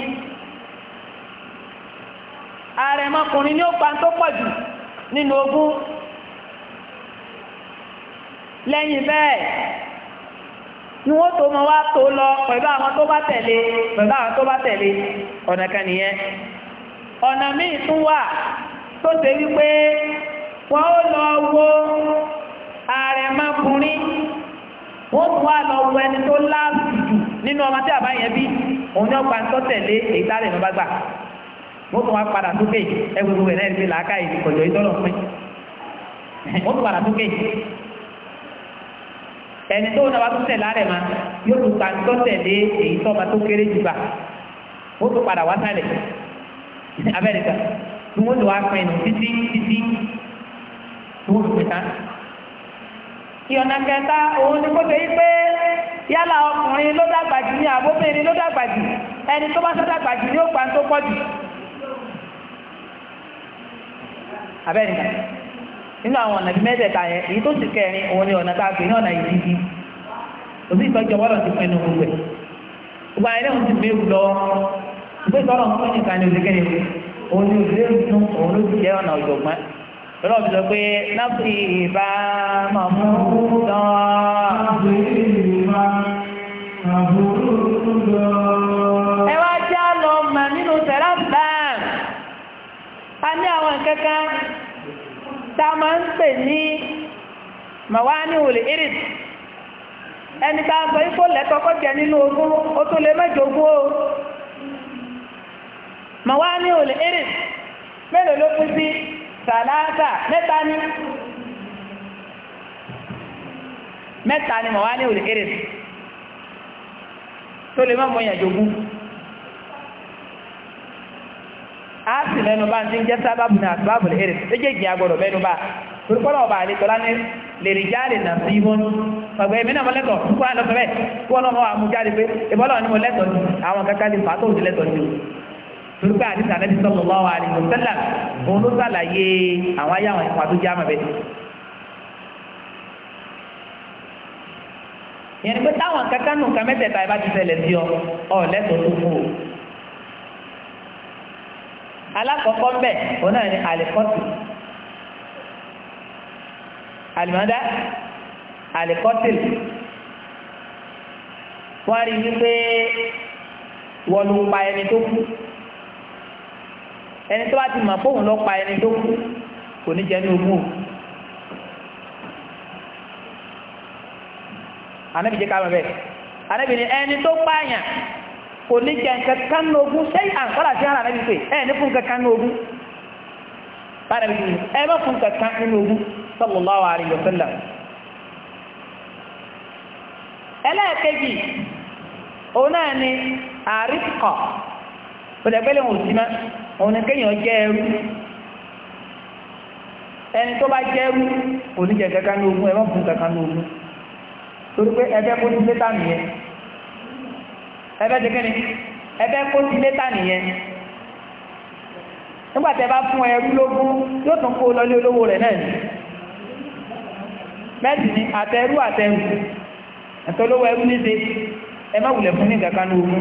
[SPEAKER 2] àrẹ̀mọkùnrin ni ó pa tó pọ̀ jù nínú ogún lẹ́yìn bẹ́ẹ̀ ni wọ́n tó mọ wá tó lọ pẹ̀lú àwọn tó bá tẹ̀lé pẹ̀lú àwọn tó bá tẹ̀lé ọ̀nà kan nìyẹn ọ̀nà míì tún wà tó ṣe wípé wọ́n ó lọ wo àrẹ̀mọkùnrin wọ́n tún wá lọ wọ ẹni tó láàbù jù nínú ọmọ tí àbá yẹn bí òun ní ọgbà tó tẹ̀lé èyí tá lẹ́nu bá gbà wọ́n tún wá padà sókè ẹgbẹ̀rún rẹ̀ náà ti làákà yìí kọjọ ìtọ́lọ̀ pín wọ́n tún padà sókè ẹni tó náà wá tún tẹ̀lé àrẹ̀ ma yóò tún gbà tó tẹ̀lé èyí tó ọmọ tó kéré jù gbà wọ́n tún padà wá sálẹ̀ abẹ́rẹ́ gbà tí wọ́n tún wá pín títí títí tí ìyọ̀nà kẹta òun ni kó ṣe yí pé yálà ọkùnrin ló dàgbà jù ní àbóbìnrin ló dàgbà jù ẹni tó bá tó dàgbà jù ní ó pa tó pọ̀ jù abẹ́nìkan nínú àwọn ọ̀nà bíi mẹ́tẹ̀ẹ̀ta yẹn èyí tó sì kẹrin òun ni ọ̀nà tá a pè ní ọ̀nà ìdíjí òsì ìtọ́jú ọwọ́lọ̀ ti pinnu gbogbo ẹ̀ gbogbo ayé lẹ́hùn ti méwu lọ ìgbésọ̀rọ̀ nǹkan nìkan ni òsì kẹrin òun ni òsì lẹ́hùn òun ló ti jẹ́ ọ̀nà ọ̀jọ̀gbọ́n lọ́rọ̀ bí sọ pé náàbì ìbá mọ̀mú tán ẹ wá já lọ mà nínú sẹ́láfìlám a ní àwọn kankan tá a máa ń pè ní màwá ní òlè iris ẹni tá a sọ ikó lẹ́tọ́kọ́ jẹ nínú ogún ó tó lè mẹ́jọ ogún o màwá ní òlè iris mélòó ló kú sí sàlátà mẹ́ta ni mẹ́ta ni mọ̀ wá ní òlè eré tó lè mọ́ a sì mẹ́nu tí ń jẹ́ sábàbù ní àsìbábù lè eré méjèèjì agbọ̀dọ̀ torípọ́lọ̀ ọba àlejòlá ní lè rí jáde nà sí ihun ọgbẹ́ wọ́n pé ìbọ́lọ̀ àwọn turukpe àdìsí anabi sallallahu alaihi wasallam òun ló sàlàyé ye ayé àwọn ìfọwọ́ tó jẹ́ àmàbẹ́. yẹn ni pé táwọn kankan nù kan mẹ́tẹ̀ẹ̀ta ìbá ti ṣẹlẹ̀ sí ọ ọ lẹ́tọ̀ọ́ tó kú o. alákọ̀ọ́kọ́ mbẹ̀ òun náà ni àlẹ́kọ́tù àlùmọ́dá àlẹ́kọ́tù wọ́n rí wípé wọ́n ló pa ẹni tó kú ẹni tó bá ti mọ̀ fóun lọ pa ẹni tó kù kò ní jẹ́ ní ogún o anabi jẹ́ ká mọ̀ bẹ́ẹ̀ anabi ni ẹni tó pààyàn kò ní jẹ́ nǹkan kan ní ogún sẹ́yìn àǹkọ́là sí ara anabi pé ẹ̀ fún nǹkan ní ogún alaihi wa sallam ẹlẹ́ẹ̀kejì òun náà ni àríkọ̀ òdẹ̀gbẹ́lẹ̀ òsì òun ni kéèyàn jẹ́ ẹrú ẹni tó bá jẹ́ ẹrú kò ní jẹ kankan ní ogún ẹ̀rọ fún kankan ní ogún torí pé ẹbẹ́ kó ti létà nìyẹn ẹbẹ́ ti kíni ẹbẹ́ kó ti létà nìyẹn nígbà tẹ́ bá fún ẹrú lógún yóò tún kó lọ lé olówó rẹ̀ náà mẹ́sì ni àtẹrú àtẹrù ẹ̀tọ́ lówó ẹrú níṣe ẹ má wulẹ̀ fún ní kankan ní ogún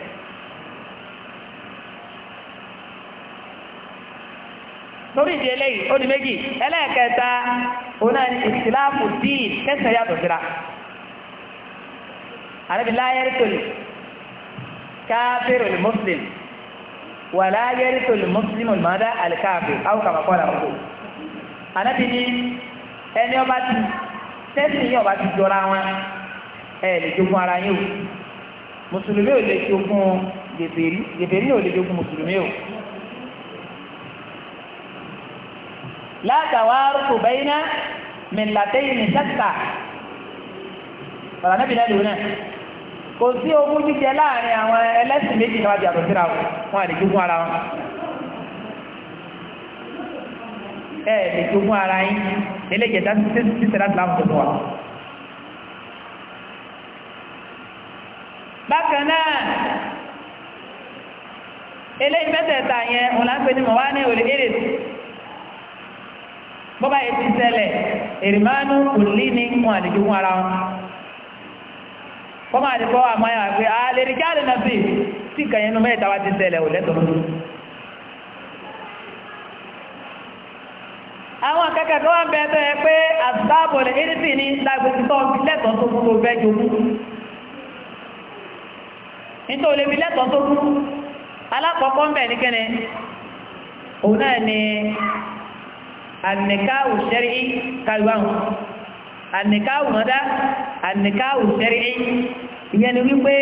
[SPEAKER 2] lórí ìdí eléyìí ó di méjì ẹlẹ́ẹ̀kẹta òun náà ìsìláàmù díì kẹsàn yàtọ̀ síra àrẹ́bí láyẹ́rì tòlì káfíìrì mùsùlùm wà láyẹ́rì tòlì mùsùlùm mọ́dá àlìkáàfì áwùkàmàkọ́là ọ̀gbọ̀ àrẹ́bí ní ẹni ọba ti tẹ́sì yìí ọba ti jọra wọn ẹ lè jogún ara yín o mùsùlùmí ò lè jogún gèbèrí gèbèrí ò lè jogún mùsùlùmí o. látàwárùkù bẹ́ẹ̀nà mìlàtẹ́yìn ní sẹ́tà ọ̀rọ̀ anábì náà lòun náà kò sí ogún jíjẹ láàrin àwọn ẹlẹ́sìn méjì náà wájú àtọ̀ síra wọn àlè jogún ara wọn ẹ lè jogún ara yín eléjẹta sí sẹ́dá láàmù tó wà. bákan náà eléyìí mẹ́tẹ̀ẹ̀ta yẹn òun láń pè ní mọ̀wá ní òlè èrè bọ́bá yẹn ti ṣẹlẹ̀ èrìmánú kò lí ní wọn àdìjú wọn ara wọn kọ́mọ àdìkọ́ àmọ́yà pé a lè rí jáde náà sí tí kàyẹnú mẹ́ta wá ti ṣẹlẹ̀ ò lẹ́tọ̀ọ́ àwọn akẹ́kẹ́ tó wọ́n bẹ́ẹ̀ tó yẹ pé àtàbọ̀lẹ̀ ìrìsì ní lágbèsí tó fi lẹ́tọ̀ọ́ tó fún tó bẹ́ jogún nítorí olè fi lẹ́tọ̀ọ́ tó fún alákọ̀ọ́kọ́ ń bẹ̀ ní kẹ́ni òun náà ni annikahu shar'i kalban annikahu mada annikahu shar'i ìyẹn ni wípé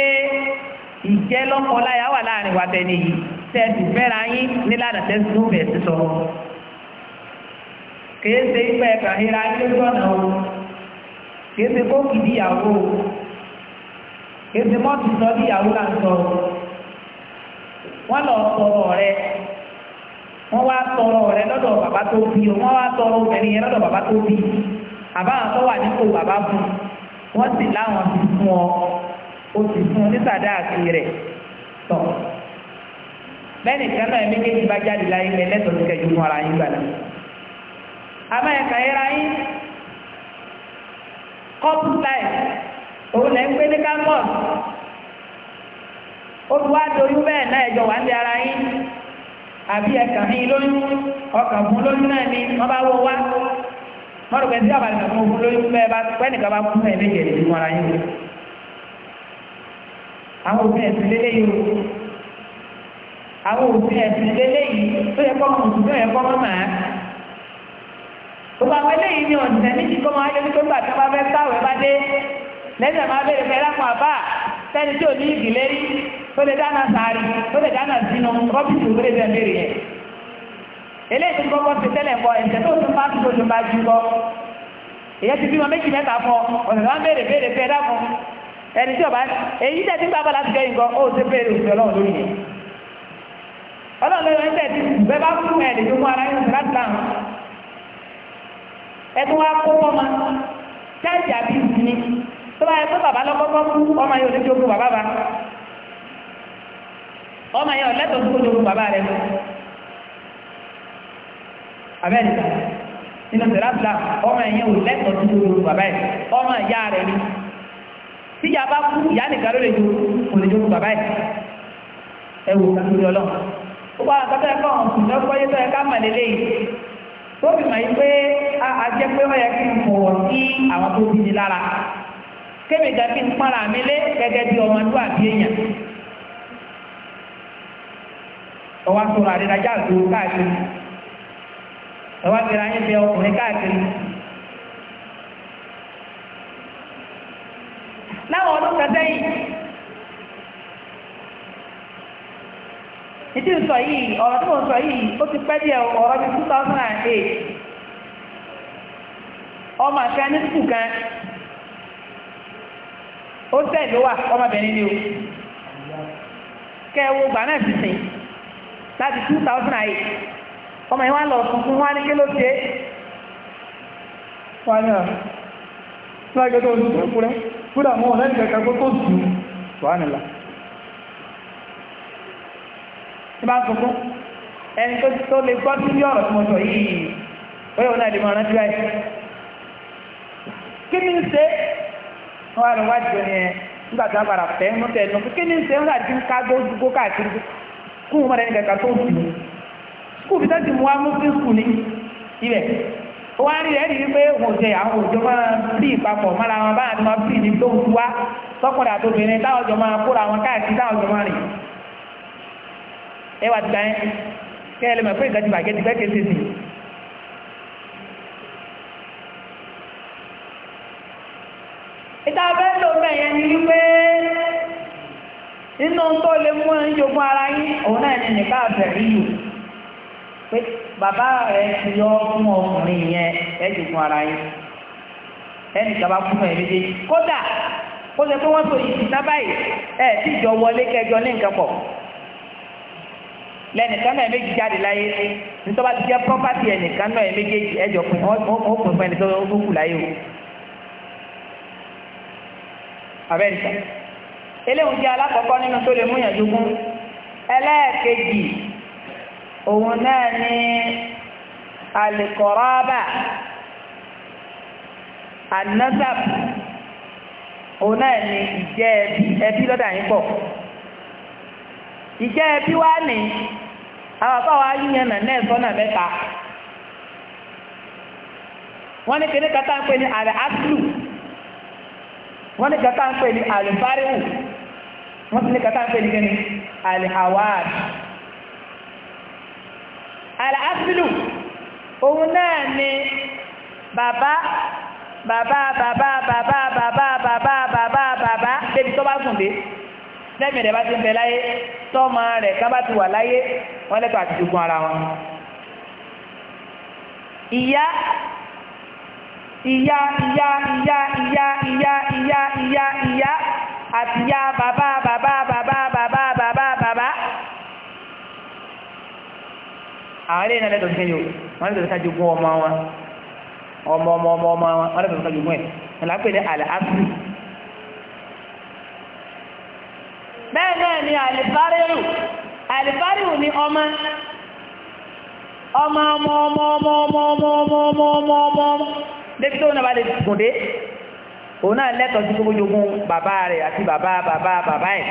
[SPEAKER 2] ìjẹ́ lọ́kọ láya wà láàrin wa tẹ́ nìyí tẹ́ẹ̀sì te yín nílànà tẹ́ẹ̀sì ọ̀nà o kìí ṣe kókìdí ìyàwó o kìí la wọ́n lọ sọ ọ̀rẹ́ wọ́n wá tọrọ rẹ lọ́dọ̀ bàbá tó bí o wọ́n wá tọrọ obìnrin yẹn lọ́dọ̀ bàbá tó bí bàbá àwọn wà nípò bàbá fún wọ́n sì láwọn ti fún ọ o sì fún onísàdá àti rẹ̀ tọ̀ bẹ́ẹ̀ni bá jáde láyé lẹ́tọ̀ọ́ kẹjú ara yín gbà náà àmọ́ ẹ̀ka yín kọ́pù táì òun lẹ́ ń àbí ẹ̀kà mi lóyún ọkàn fún lóyún náà ni wọ́n bá wọ wá mọ́rùn pẹ̀lú àbàlì kan fún fún lóyún bẹ́ẹ̀ bá pẹ́ nìkan bá fún ẹ̀mí jẹ̀rẹ̀ nínú ara yín àwọn òfin ẹ̀sìn lélẹ́yìí o àwọn òfin ẹ̀sìn lélẹ́yìí tó yẹ kọ́ mọ̀ tó yẹ kọ́ mọ̀ gbogbo àwọn eléyìí ni ọ̀sẹ̀ méjì kọ́ mọ́ ayé wípé gbà tó bá fẹ́ sáwẹ̀ bá dé lẹ́sẹ̀ máa bẹ̀rẹ̀ tẹni tí ò ní ìdílé rí ó lè dáná sàárì ó lè dáná sínú rọ́bìtì òwúrẹ́ bẹ́ẹ̀ mẹ́rin yẹn eléyìí tó kọ́kọ́ tẹ́lẹ̀ bọ ẹ̀sẹ̀ tó tún bá tún tó tún bá jù èyẹ ti bímọ méjì mẹ́ta fọ ọ̀nà wọn béèrè béèrè fẹ́ ẹni tí ọba èyí tẹ̀ tí ń láti kan ó ọlọ́run lórí yẹn ọlọ́run lórí tó bá yẹ pé bàbá lọ́kọ́kọ́ kú ọmọ yẹn ò ní jogún bàbá bá ọmọ yẹn ọ̀lẹ́tọ̀ tó jogún bàbá rẹ̀ lọ abẹ́ẹ̀dìgbà nínú tẹ̀lábìlà ọmọ yẹn ò lẹ́tọ̀ tó jogún bàbá yẹn ọmọ ìyá rẹ̀ ni tíjà bá kú ìyá nìkan ló lè jogún kò lè jogún bàbá yẹn ẹ wò ká lórí ọlọ́run ó bá àtọ́tẹ́ ẹ̀kọ́ ọ̀hún lọ́kọ́ yé tó yẹ ká mọ̀ lélẹ́yìí tó fi mọ̀ yí pé a jẹ́ pé wọ́n yẹ kí n fọwọ́ sí àwọn tó bí mi lára kébè ga kí n para mi lé gẹ́gẹ́ bí ọmọ tó àbí èèyàn ọwọ́ sọ̀rọ̀ àdínájà gbòó káàkiri ọwọ́ anyị ayé bẹ ọkùnrin káàkiri láwọn ọdún kẹsẹ́ yìí ìdí ìsọ yìí ọ̀rọ̀ tí mo sọ yìí ó ti pẹ díẹ̀ ọ̀rọ̀ bíi two thousand and eight ọmọ kan ní sùkúù ó tẹ̀ ló wà ọmọbìnrin ni o kẹwo gbà náà ti sìn láti two thousand and eight ọmọ yẹn wá lọ tuntun wá ní kí ló ṣe é
[SPEAKER 1] wọn náà lọ́jọ́ tó ń sùn kúrẹ́
[SPEAKER 2] kúrẹ́ àwọn ọ̀rẹ́ ìjọba kó tó sùn wà nílà tí bá ń sọ fún ẹni tó tó lè gbọ́ sí ní ọ̀rọ̀ tí mo sọ yìí ó yẹ wọn náà lè máa rántí báyìí kí ni ń ṣe wọ́n wá lọ wájú ẹni ẹ̀ nígbà tí wọ́n padà fẹ́ ń tẹ̀ lọ kí ni ń láti ń ká gbogbo káàkiri kún wọn kẹta tó skul mú skul ní ibẹ̀ wọ́n á rí rí pé jẹ àwọn òjò máa bí ìpapọ̀ mọ́ra wọn báyà ni wọ́n bí ní tó ń tu wá sọ́kùnrin àtòbìnrin táwọn jọ máa kóra wọn káàkiri nínú tó lè mú ẹ ń jogún ara yín òun náà ní nìkan àbẹ̀rí yìí pé bàbá rẹ ti yọ fún ọkùnrin yẹn ẹ jogún ara yín ẹnì kan bá kú fún ẹ méjèèjì kódà kó lè pé wọ́n tó yìí síta báyìí ẹ ti jọ wọlé kẹjọ ní nǹkan pọ̀ lẹ́nìkan náà méjì jáde láyé nítorí wọ́n ti jẹ́ pọ́pátì ẹnìkan náà méjèèjì ẹjọ pin ó pin fún ẹnìkan tó kù láyé o abẹ́ǹtà eléhùn jẹ́ alákọ̀ọ́kọ́ nínú tó lè mú jogún ẹlẹ́ẹ̀kejì òun náà ni alìkọ̀rọ́bà anasab òun náà ni ìjẹ́ ẹbí ẹbí lọ́dà yín pọ̀ ìjẹ́ ẹbí wá ní àwọn àpáwọ̀ ayúyẹn nà náà sọ́nà mẹ́ta wọ́n ní kíní kata ń pè ní àlẹ́ áṣìlù wọ́n ní kata ń pè ní àlẹ́ fáríwù wọ́n ti ní kàtà ń pè ní kẹ́ni alhawad alhasilu òun náà ni bàbá bàbá bàbá bàbá bàbá bàbá bàbá bàbá débi tó bá sùn dé lẹ́mìí rẹ̀ bá ti ń bẹ láyé tọ́mọ rẹ̀ ká bá ti wà láyé wọ́n lẹ́tọ̀ àti jogún ara wọn. ìyá ìyá ìyá ìyá ìyá ìyá ìyá ìyá ìyá àti ya bàbá bàbá bàbá bàbá bàbá bàbá. àwọn ilé ìnáwó lẹ́tọ̀ọ́ sí kẹ́yọ̀ wọ́n lẹ́tọ̀ọ́ sí ká jogún ọmọ wọn ọmọ ọmọ ọmọ ọmọ wọn wọ́n lẹ́tọ̀ọ́ sí jogún ẹ̀ ìlàpẹ̀ ní àlàáfíì. bẹ́ẹ̀ náà ni àlìfárẹ́rù àlìfárẹ́rù ni ọmọ ọmọ ọmọ ọmọ ọmọ ọmọ ọmọ ọmọ ọmọ ọmọ ọmọ òun náà lẹ́tọ̀ọ́ sí gbogbo jogún bàbá rẹ̀ àti bàbá bàbá bàbá ẹ̀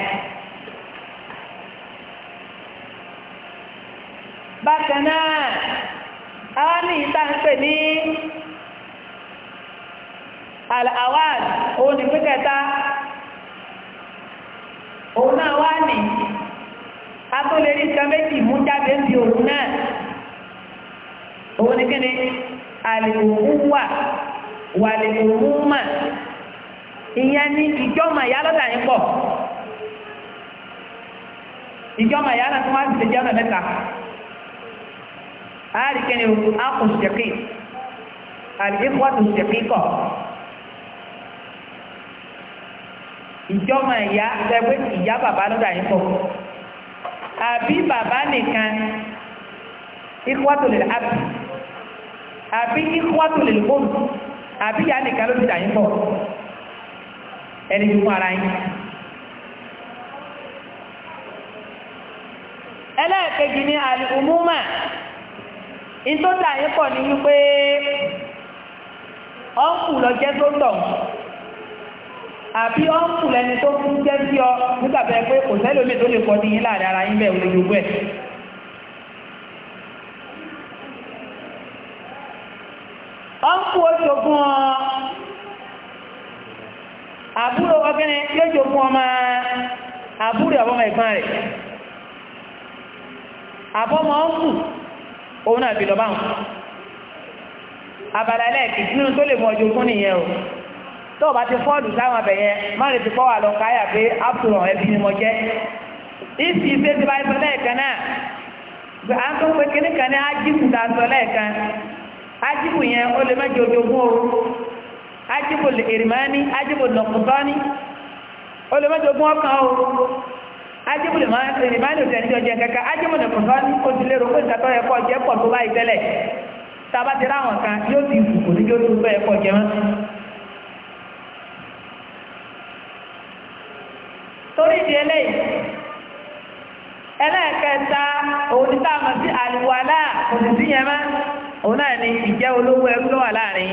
[SPEAKER 2] bákan náà a ní ìta ń pè ní al-awad òun ní pínkẹta òun náà wá ní a tó mú jáde ń bi òun náà òun ní kíni al-uwa wal-umuma ìyẹn ni ìjọ́mọ̀ ìyá lọ́dà yín pọ̀ ìjọ́mọ̀ ìyá náà tó wá sí ìjọ́mọ̀ mẹ́ta àárìkẹ́ni akùnṣẹ́kì àríkẹ́kọ̀ọ́tùnṣẹ́kì kọ̀ ìjọ́mọ̀ ìyá tẹ́gbẹ́ ìyá bàbá lọ́dà yín pọ̀ àbí bàbá nìkan ìkọ́tù lè àbí àbí ìkọ́tù lè lóòrùn àbí ìyá nìkan ló ti dà yín pọ̀ ẹni fún ara yín ẹlẹ́ẹ̀kejì ní alìkùnmúmà ìtọ́ta yín pọ̀ ní wípé ọ́nkù lọ jẹ́ tó tọ̀ àbí ọ́nkù lẹni tó fún jẹ́ sí ọ nígbàbẹ̀ pé kò sẹ́lómi tó lè pọ̀ ní yín láàrin ara yín bẹ̀ ẹ̀ ọ́nkù ó ṣogún ọ àbúrò ọgẹ́rẹ́ yóò fún ọmọ àbúrò àbọ́mọ ẹ̀gbọ́n rẹ̀ àbọ́mọ ọ̀nkù òun náà fi lọ báwọn abala nínú tó lè mọ ọjọ́ fún nìyẹn o tó bá ti sáwọn abẹ̀yẹn má lè ti fọ́wà lọ káyà pé ápùrọ̀ ẹbí ni mo jẹ́ ìsì ìfẹ́ ti náà pé kíníkan ní ájíkù a sọ ájíkù yẹn ó lè mẹ́jọ ajibu ìrìmání ajibu nọ̀kùnbáni ó lè mẹ́jọgún ọkàn o ajibu ìrìmání òjò ẹni ọjọ́ kẹka ajibu nọ̀kùnbáni ó ti lérò pé ìtàtọ́ ẹ̀kọ́ jẹ́ pọ̀ tó báyìí tẹ́lẹ̀ tàbá ti ráwọn kan yóò ti ìbùkù ní yóò tún bẹ́ ẹ̀kọ́ jẹ mọ́ torí ìdí eléyìí ẹlẹ́ẹ̀kẹta òun ti táàmù sí àlùwàlá òsì sí yẹn mọ́ òun náà ni ìjẹ́ olówó ẹrú lọ́wọ́ láàrin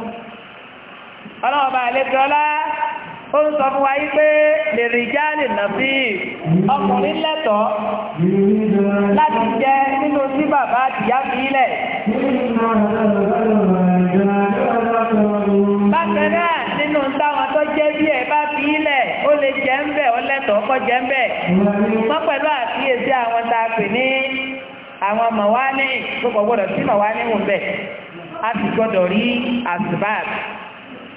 [SPEAKER 2] ọlọ́ọ̀bà àlejọ́lá ó ń sọ fún wa yí pé lè rí jáàlì nà sí ọkùnrin lẹ́tọ̀ọ́ láti jẹ nínú sí bàbá àtìyá fi ilẹ̀. bákan náà nínú táwọn tó jẹ́ bí ẹ bá fi ilẹ̀ ó lè jẹ́ ń bẹ̀ ó lẹ́tọ̀ọ́ kọ́ jẹ́ ń bẹ̀ wọ́n pẹ̀lú àkíyèsí àwọn tá ní àwọn mọ̀wá ní gbogbo gbọ́dọ̀ sí mọ̀wá ní mò bẹ̀ a ti gbọ́dọ̀ rí àsìbáàbì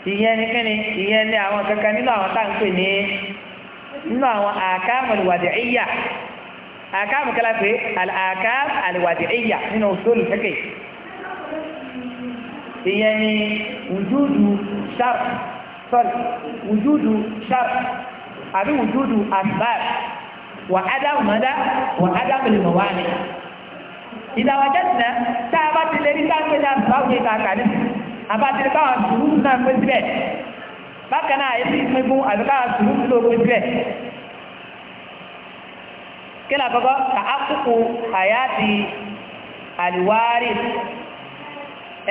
[SPEAKER 2] ìyẹn ni kíni ìyẹn ni àwọn kankan nínú àwọn tá à ń pè ní nínú àwọn àkáàmù àlùwàdìíyà àkáàmù kala pé àkáàmù àlùwàdìíyà nínú usul fiqh ìyẹn ni wùdúdù sharp sorry wùdúdù sharp àbí wùdúdù asbab wà ádámù wà ádámù lè mọ̀ ìdáwàjẹ́sìnà tá a bá ti lè rí sáà ń pè ní àbúrò àwọn àbájáde káwọn sùúrù náà pé síbẹ̀ bákan náà èyí ti pín fún àbí káwọn sùúrù tó pé síbẹ̀ kí ni àkọ́kọ́ ka ákùkù àyáàtì àlùwárì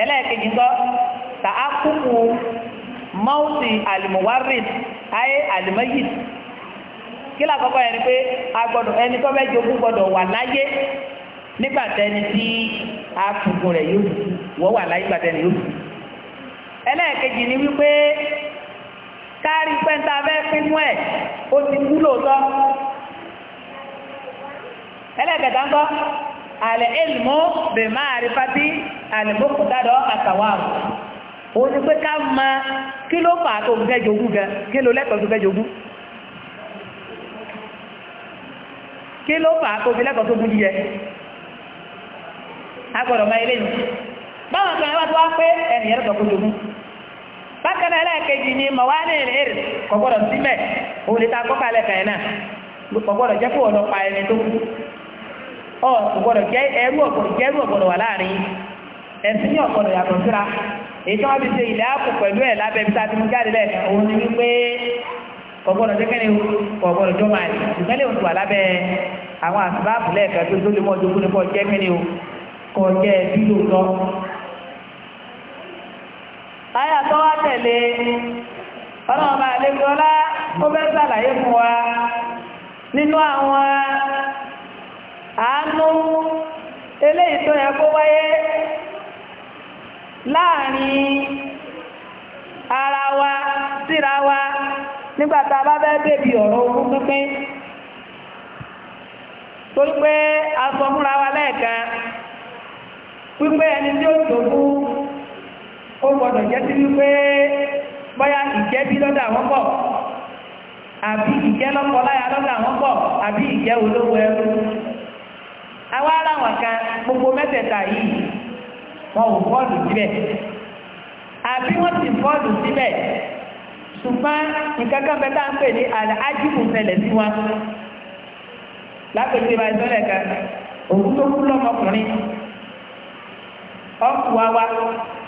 [SPEAKER 2] ẹlẹ́ẹ̀kejì kọ́ ka ákùkù mọ́ọ̀sì àlùmọ̀wárì ayé àlùmọ́yì kí ni àkọ́kọ́ yẹn ni pé agbọ́dọ̀ ẹni tó bẹ́ẹ̀ jogún gbọ́dọ̀ wà láyé nígbà tẹni tí akùnkùn rẹ̀ yóò wọ́n wà láyé nígbà tẹni yóò dùn ẹlẹ́ẹ̀kejì ni wípé kárí pẹ́ntà fẹ́ pínmú ẹ̀ ó ti kú lóòótọ́ ẹlẹ́ẹ̀kẹta ń kọ́ àlẹ́ èlùmọ́ bè máa rí fátí àlẹ́mọ́kùtàdọ́ àtàwà ó ní pé ká ma kí ló fà tó gẹ́jogún gan kí ló lẹ́tọ̀ọ́ tó gẹ́jogún kí ló fà tó fi lẹ́tọ̀ọ́ tó gún jíjẹ agbọ́dọ̀ máa ilé yìí báwọn kan wá tó wá pé ẹnìyàn lẹ́tọ̀ọ́ tó jogún bákan náà lẹ́ẹ̀kejì ni mọ̀wálé ìrìn kò gbọ́dọ̀ síbẹ̀ òun lè ta kọ́kàlẹ̀ kan náà kò jẹ́ kó pa ọ kò jẹ́ ẹrú ọ̀gbọ̀dọ̀ jẹ́ ẹrú ọ̀gbọ̀dọ̀ wà láàrin ẹ̀sìn ní ọ̀gbọ̀dọ̀ yàtọ̀ síra èyí tí wọ́n fi ṣe ilẹ̀ àpò pẹ̀lú ẹ̀ lábẹ́ ti mú jáde òun ni wípé táyà tó wá tẹ̀lé ọlọ́ọ̀bá àlejòọlá ó fẹ́ sàlàyé fún wa nínú àwọn àánú eléyìí tó yẹ kó wáyé láàrin ara wa síra wa nígbàtà bá fẹ́ débi ọ̀rọ̀ ogún pínpín torí pé a sọ fúnra wa lẹ́ẹ̀kan wípé ẹni tí ó tòkú ó gbọ́dọ̀ jẹ́ sí wípé bóyá ìjẹ́ bí lọ́dọ̀ àwọn pọ̀ àbí ìjẹ́ lọ́kọ láya lọ́dọ̀ àwọn pọ̀ àbí ìjẹ́ olówó ẹrú àwọn aráwọ̀ kan gbogbo mẹ́tẹ̀ẹ̀ta yìí wọn ò bọ́ọ̀lù síbẹ̀ àbí wọ́n ti bọ́ọ̀lù síbẹ̀ ṣùgbọ́n nǹkan bẹ́ẹ̀ tá pè ní fẹlẹ̀ sí ìtọ́lẹ̀ kan tó kú lọ́mọkùnrin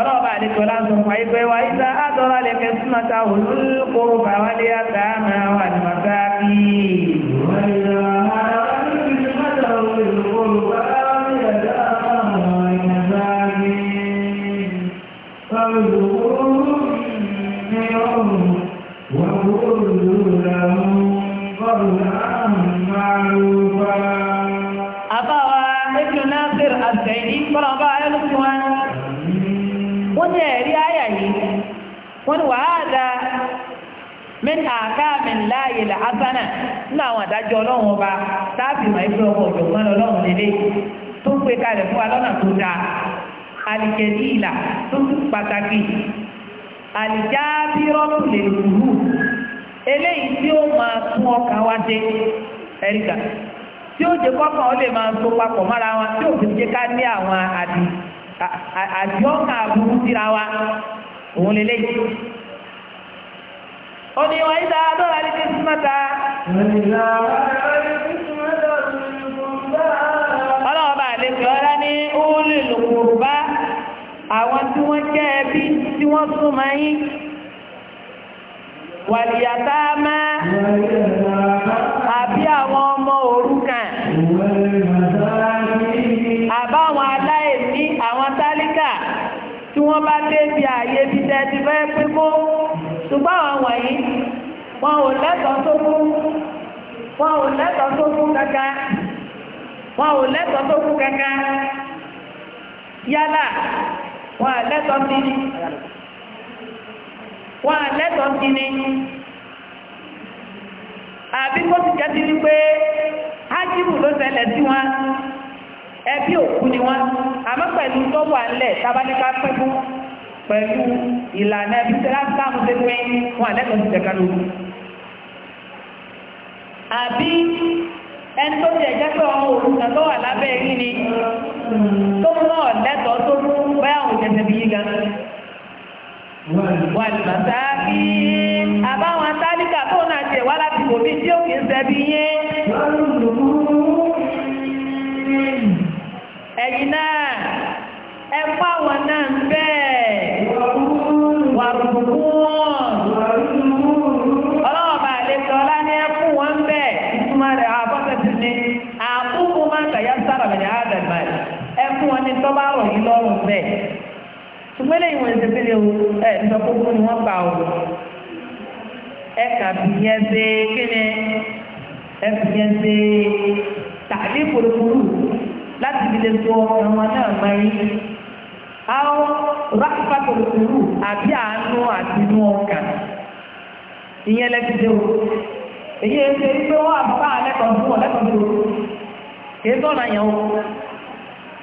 [SPEAKER 2] ọlọ́ọ̀bá àdìsọ láti mọ̀ ìfẹ́ wa ìta àtọ́rọ̀ lè fẹ́ súnmọ́ta olùkóró bàwálé àtàmà wà ní màtàkì. wọ́n ní wàhálà min àkáàmìn láàyè làásánà nínú àwọn àdájọ́ ọlọ́run ọba táàbì mọ̀ ẹgbẹ́ ọmọ ọ̀jọ̀gbọ́n ọlọ́run lélẹ̀ tó ń pè kalẹ̀ fún wa lọ́nà tó dáa alìkẹ̀lì ìlà tó ń pàtàkì àlìjábírọ́pù lè eléyìí tí ó máa tún dé ẹ̀ríkà tí ó jẹ òun lè léyìí ó ní wọ́n ìdá dọ́là ní kìsímọ́ta ọlọ́ọ̀bà lè fi ọlá ní olùlùkùnbá àwọn tí wọ́n jẹ́ ẹbí tí wọ́n súnmọ́ yín wàlìyàtá máa àbí àwọn ọmọ òrukàn
[SPEAKER 1] àbáwọn aláìní àwọn tálíkà
[SPEAKER 2] tí wọ́n bá dé bí ààyè ṣùgbọ́n àwọn wọ̀nyí wọn ò tó wọn ò lẹ́tọ̀ọ́ tó fún kankan wọn ò lẹ́tọ̀ọ́ tó fún kankan yálà wọn à lẹ́tọ̀ọ́ sí
[SPEAKER 1] wọn à lẹ́tọ̀ọ́ sí
[SPEAKER 2] àbí kó ti wọn ẹbí òkú ni wọn àmọ́ pẹ̀lú tó wà pẹ̀lú ìlànà ẹbí tẹ́lá sáàmù tó pín fún àlẹ́kọ̀ọ́ ti jẹ́ka lóru. àbí ẹni tó ti ẹ̀jẹ́ pé ọmọ òrùka tó wà lábẹ́ yìí ni tó mú náà lẹ́tọ̀ọ́ tó mú báyà òun jẹ́sẹ̀ bí yíga. wà lùmọ̀ sáàbí àbáwọn atálíkà tó náà jẹ̀ wá láti wò mí tí ó kì í sẹ́bi yẹn. o ẹ̀ sọ kókó ni wọ́n pa o ẹ kà yẹn ṣe kíni ni fi yẹn ṣe tàbí polokolo láti fi lè sọ ọmọ náà mọ àwọn rákìpá polokolo àbí àánú àti inú ìyẹn o èyí fún fún o kì í sọ̀rọ̀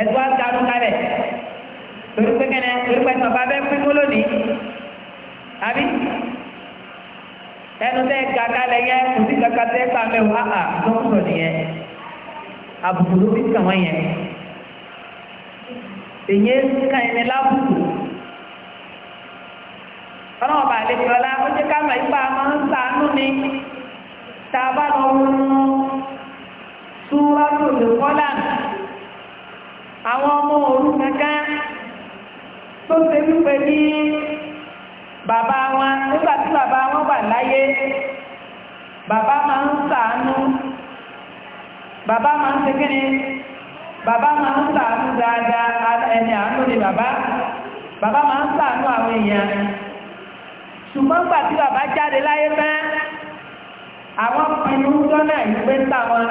[SPEAKER 2] ẹ̀tọ́ àtàrú kalẹ̀ torí pé kẹ́nẹ́ torí pé tọ́ba bẹ́ẹ̀ pín kó lónìí àbí ẹnu tẹ́ ga kalẹ̀ yẹn kò sí kaka tẹ́ pa mẹ́wàá àà tó ń sọ nìyẹn àbùkù ló fi kàn wọ́n yẹn èyí kàn yẹn lábùkù ọlọ́wọ́ bá lè fi ọlá ó jẹ́ ká mọ̀ ipá máa ń sàánú ni tá a bá lọ wọnú súwájú olùkọ́lá nù àwọn ọmọ òru kankan tó ṣe wípé ní bàbá wọn nígbà tí bàbá wọn wà láyé bàbá máa ń ṣàánú bàbá máa ń ṣe kí ni bàbá máa ń ṣàánú dáadáa ẹni àánú ni bàbá bàbá máa ń ṣàánú àwọn èèyàn ṣùgbọ́n gbà bàbá jáde láyé fẹ́ àwọn pinnu jọ́nà ìgbésà wọn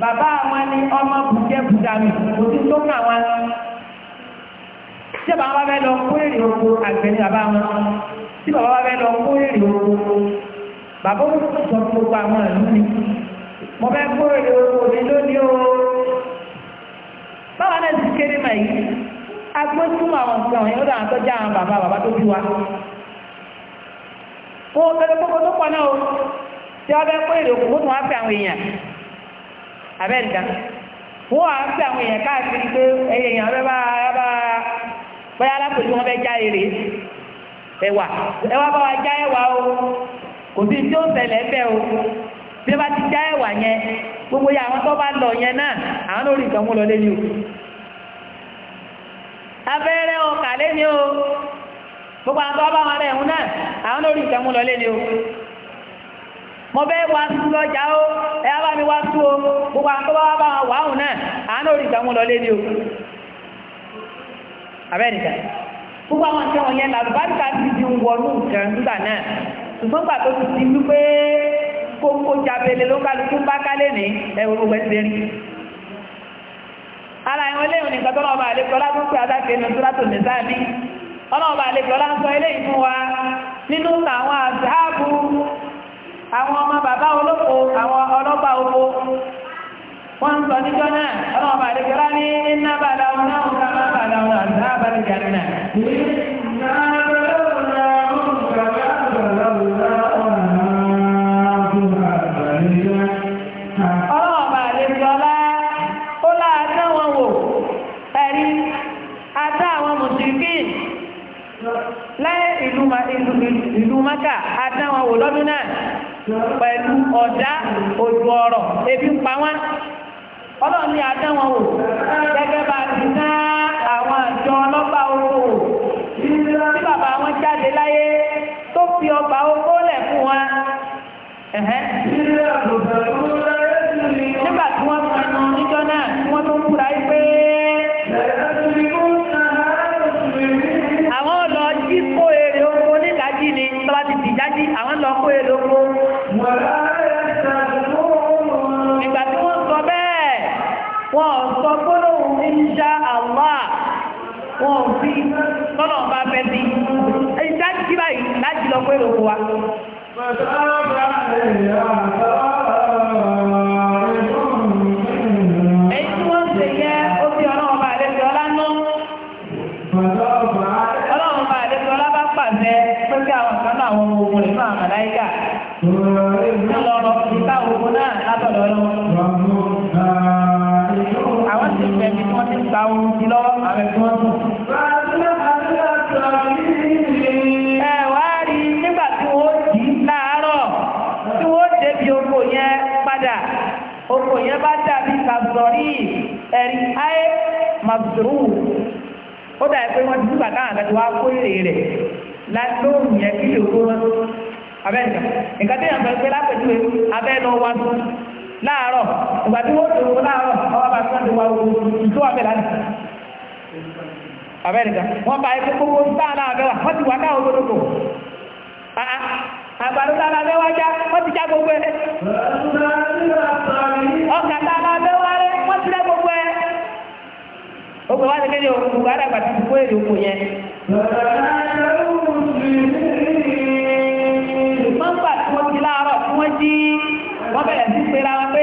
[SPEAKER 2] bàbá àwọn ni ọmọ bùjẹ́ bùdàmì kò sí tó kà wọn tí bàbá bá fẹ́ lọ kó èrè oko àgbẹ̀ ni bàbá wọn tí bàbá bá fẹ́ lọ kó èrè oko bàbá ó sọ fún gbogbo àwọn ìlú ni mo fẹ́ kó èrè oko mi lónìí o báwa náà ti kéré mà yìí agbó túmọ̀ àwọn nǹkan àwọn yóò dáhùn tó já àwọn bàbá bàbá tó bí wa kó o tẹ́lẹ̀ gbogbo tó pọ̀ náà o tí wọ́n fẹ́ kó èrè oko kó tún wá fẹ́ àwọn èèyàn abẹ́ǹda wọ́n á fi àwọn èèyàn káàkiri pé ẹyẹ èèyàn bẹ́ẹ̀ bá bá báyà alákòóso wọn bẹ́ẹ̀ já èrè ẹwà ẹwà bá wa já ẹwà o kò sí tí ó ṣẹlẹ̀ bẹ́ẹ̀ o bí wọ́n bá ti já ẹwà yẹn gbogbo yà àwọn tó bá lọ yẹn náà àwọn lórí ìtàn wọn lọ lé ní o abẹ́rẹ́ ọkà lé ní o gbogbo àwọn tó bá wọn rẹ̀ ń náà àwọn lórí ìtàn wọn lọ lé ní o. mo bẹ́ wá tú ọjà o ẹ bá mi wá tú o gbogbo àkọ́bá wá bá wà áhùn náà àánú lọ lé ní o abẹ́nìkà gbogbo àwọn tí wọ́n yẹn ti di wọnú nǹkan náà ṣùgbọ́n gbà tó ti di wípé kókó jabele ló bá kálé ní ẹ̀wọ̀n gbogbo rí ara ẹ̀wọ̀n àwọn ọmọ bàbá olóko àwọn ọlọ́ba oko wọ́n sọ níjọ́ náà ọlọ́wọ́ bàdé kẹrẹ́ ní iná bàdá wọn náà ká má bàdá wọn àti náà. ọlọ́wọ́ bàdé jọlá ó láàdá ìlú maka àtà wò lọ́dún náà. pẹ̀lú ọ̀dá ojú ọ̀rọ̀ ebi ń pa wọ́n ọlọ́run ni àdá wọn wò gẹ́gẹ́ bá ti ná àwọn àjọ ọlọ́pàá owó wò tí bàbá wọn jáde láyé tó fi ọgbà owó lẹ̀ fún wọn tọ́nà ọba fẹ́ sí ẹ̀yìn sáà ti báyìí láti lọ pé lóko wa. mọ̀tòrò ó dà pé wọ́n ti dúpà káwọn àgbàdo wá kó èrè rẹ̀ lóòrùn yẹn kí yòókù wọn abẹ́ẹ̀dà nǹkan tí yàtọ̀ pé lápẹ̀júwe abẹ́ lọ wá sí láàárọ̀ ìgbà tí wọ́n tòun láàárọ̀ ọwọ́ bá tún wá wo ìtò abẹ́ láti abẹ́ẹ̀dà wọ́n bá ẹgbẹ́ gbogbo sáà náà abẹ́wà wọ́n ti wà káwọn olódòdò àgbàdo sáà náà abẹ́wà já wọ́n ti já gbogbo gbogbo wá tẹ́lẹ̀ o gbogbo àdàgbà kó èrè oko yẹn. wọ́n gbà tí wọ́n ti láàárọ̀ tí wọ́n jí wọ́n bẹ̀rẹ̀ sí pé ra wọn pé.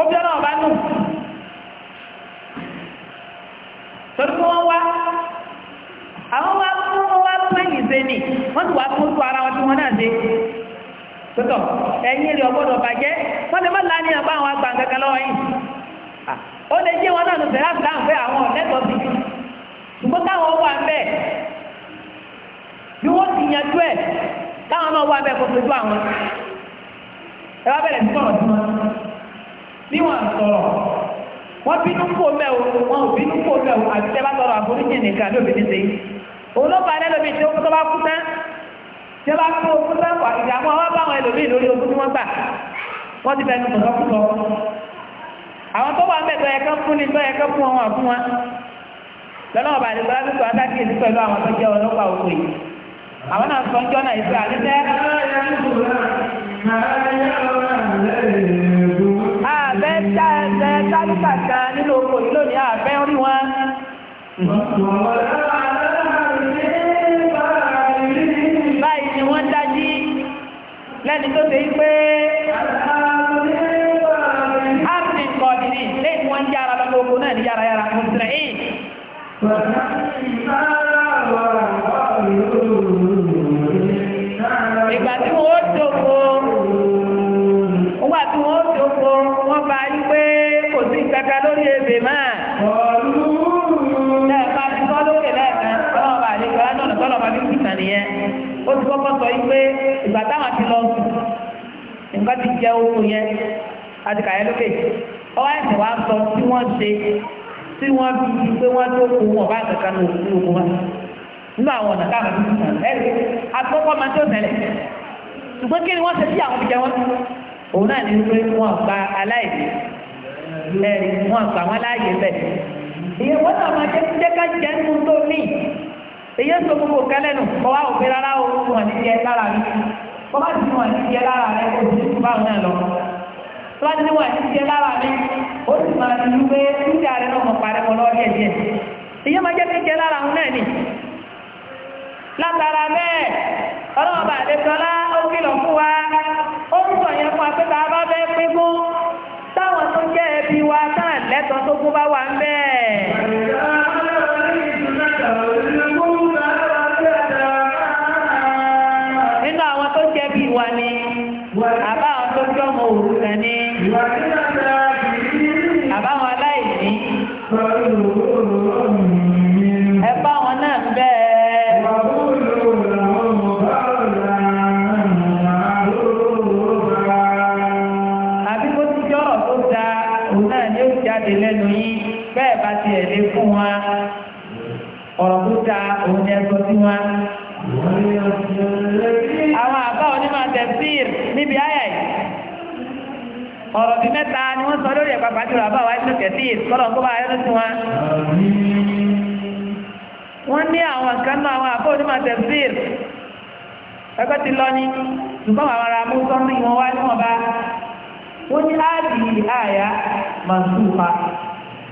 [SPEAKER 2] obi ọ̀nà ọ̀bá nù torí wọ́n wá àwọn wá fún wá fún ẹ̀yìn ṣe ni wọ́n ti wá fún oṣù ara wọn tí wọ́n náà ṣe tótó ẹ̀yìn rẹ̀ ọgbọ́dọ̀ bàjẹ́ wọ́n àwọn àgbà kankan lọ́wọ́ yìí ó lè jẹ́ wọn náà àwọn ọ̀lẹ́tọ̀ọ́ ṣùgbọ́n táwọn bí wọ́n ti yanjú ẹ̀ táwọn àwọn ẹ wá bẹ̀rẹ̀ sí bí wọ́n sọ̀rọ̀ wọ́n bínú kó mẹ́wò wọn ò bínú kó mẹ́wò nìkan ló bínú sí òun ló tí ó bá kú tán tí ó bá kú tán wà àwọn lórí tí gbà ti fẹnu kò sọ́kùsọ àwọn tó wà ń bẹ̀tọ̀ ẹ̀kọ́ fún ni tó ẹ̀kọ́ fún wọn fún wọn lọ́nà ọ̀bà àdìgbò lásìkò adákìyèsí pẹ̀lú báyìí ni wọ́n dájí lẹ́ni tó ṣe pé áfíríkọ̀ọ̀dì ní lẹ́yìn wọ́n jára lọ́gbọ̀gbọ̀ náà ní yára yára bá ti jẹ ohun yẹn àti kàyẹ́ lókè ọwọ́ ẹ̀sẹ̀ wá sọ tí wọ́n ṣe tí wọ́n fi di pé wọ́n tó kó wọn bá kankan ní òkú ogun wa nínú àwọn ọ̀nà táwọn ọ̀nà tó sàn ẹ̀rí akọ́kọ́ máa tó tẹ̀lẹ̀ ṣùgbọ́n kí ni wọ́n ṣe sí àwọn ìjẹ wọn òun náà ní pé wọ́n gba aláìní ẹ̀rí wọ́n gba wọn láàyè bẹ́ẹ̀ ìyẹn wọ́n náà máa jẹ́ jẹ́ ká jẹ́ nínú tó ní èyí ń sọ gbogbo kẹlẹ́nu kọ́ wa òfin rárá o wọ́n ní jẹ́ lára mi wọ́n bá ti wọ̀n ní jẹ́ lára rẹ̀ kò sí ìtura òun náà lọ. tó bá ti wọ̀n ní jẹ́ lára rẹ̀ ó sì máa ti lu pé dúkìá rẹ̀ náà mọ̀ parẹ́ mọ́ lọ́ọ́ díẹ̀ díẹ̀. ìyẹn máa jẹ́ pé jẹ́ lára òun náà nì. látara bẹ́ẹ̀ ọlọ́run bá àdé sọlá ó kìlọ̀ fún wa ó ń sọ yẹn fún wa pé tá a pé fún táwọn tó jẹ́ ẹbí wa táà lẹ́tọ̀ọ́ tó kó bá wà ń bẹ́ẹ̀ ọ̀rọ̀ tó ta òun ni ẹ̀sọ́ sí wọn. àwọn àbá onímọ̀ tẹ̀síìr níbi àyà yìí ọ̀rọ̀ bíi mẹ́ta ni wọ́n sọ lórí ẹ̀pàpà jùlọ àbá wa ẹ̀sọ́ tẹ̀síìr kọ́lọ̀ kó bá ẹ̀sọ́ sí wọn. wọ́n ní àwọn kan náà àwọn àbá onímọ̀ tẹ̀síìr ẹgbẹ́ ti lọ ní ṣùgbọ́n àwọn ará mú sọ́nù ìwọ̀n wá níwọ̀n bá wọ́n ní áàdì àyà màṣúpa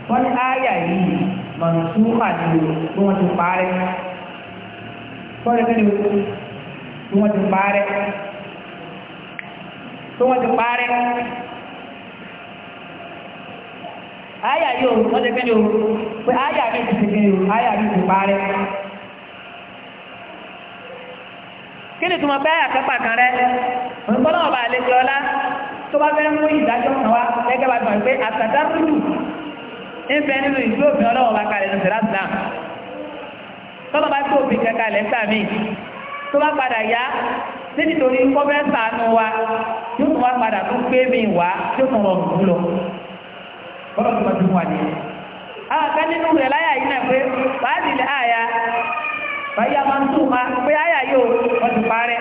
[SPEAKER 2] wọ́n ní mọ̀nùsúfà ni o bí wọ́n ti parẹ́ sọ́ọ́dẹ́gbẹ́ ni o bí wọ́n ti parẹ́ bí wọ́n ti parẹ́ àyà yóò sọ́ọ́dẹ́gbẹ́ ni o pé àyà mi ti ti gbìn o àyà mi ti parẹ́ kí ni tuma báyà kápá kan rẹ òǹkọ́nà ọba àlejò ọlá tó bá fẹ́ mú ìdájọ́ kan wá gẹ́gẹ́ bá gbọ̀n pé àtàdárúdù ń bẹ nínú ìlú òfin ọlọ́wọ́ bá kalẹ̀ ní sẹ̀rá islam tọ́lọ́ bá tó òfin kankan lẹ́ sà mí tó bá padà yá níbi torí kọ́fẹ́ sànù wa yóò tún wá padà tó gbé mi wá yóò tún rọrùn fún lọ bọ́lá tó bá tún wà ní. àwọn kan nínú rẹ̀ láyà yìí náà pé wàá nílé àyà báyà máa ń tù ma pé àyà yóò wọ́n ti parẹ́.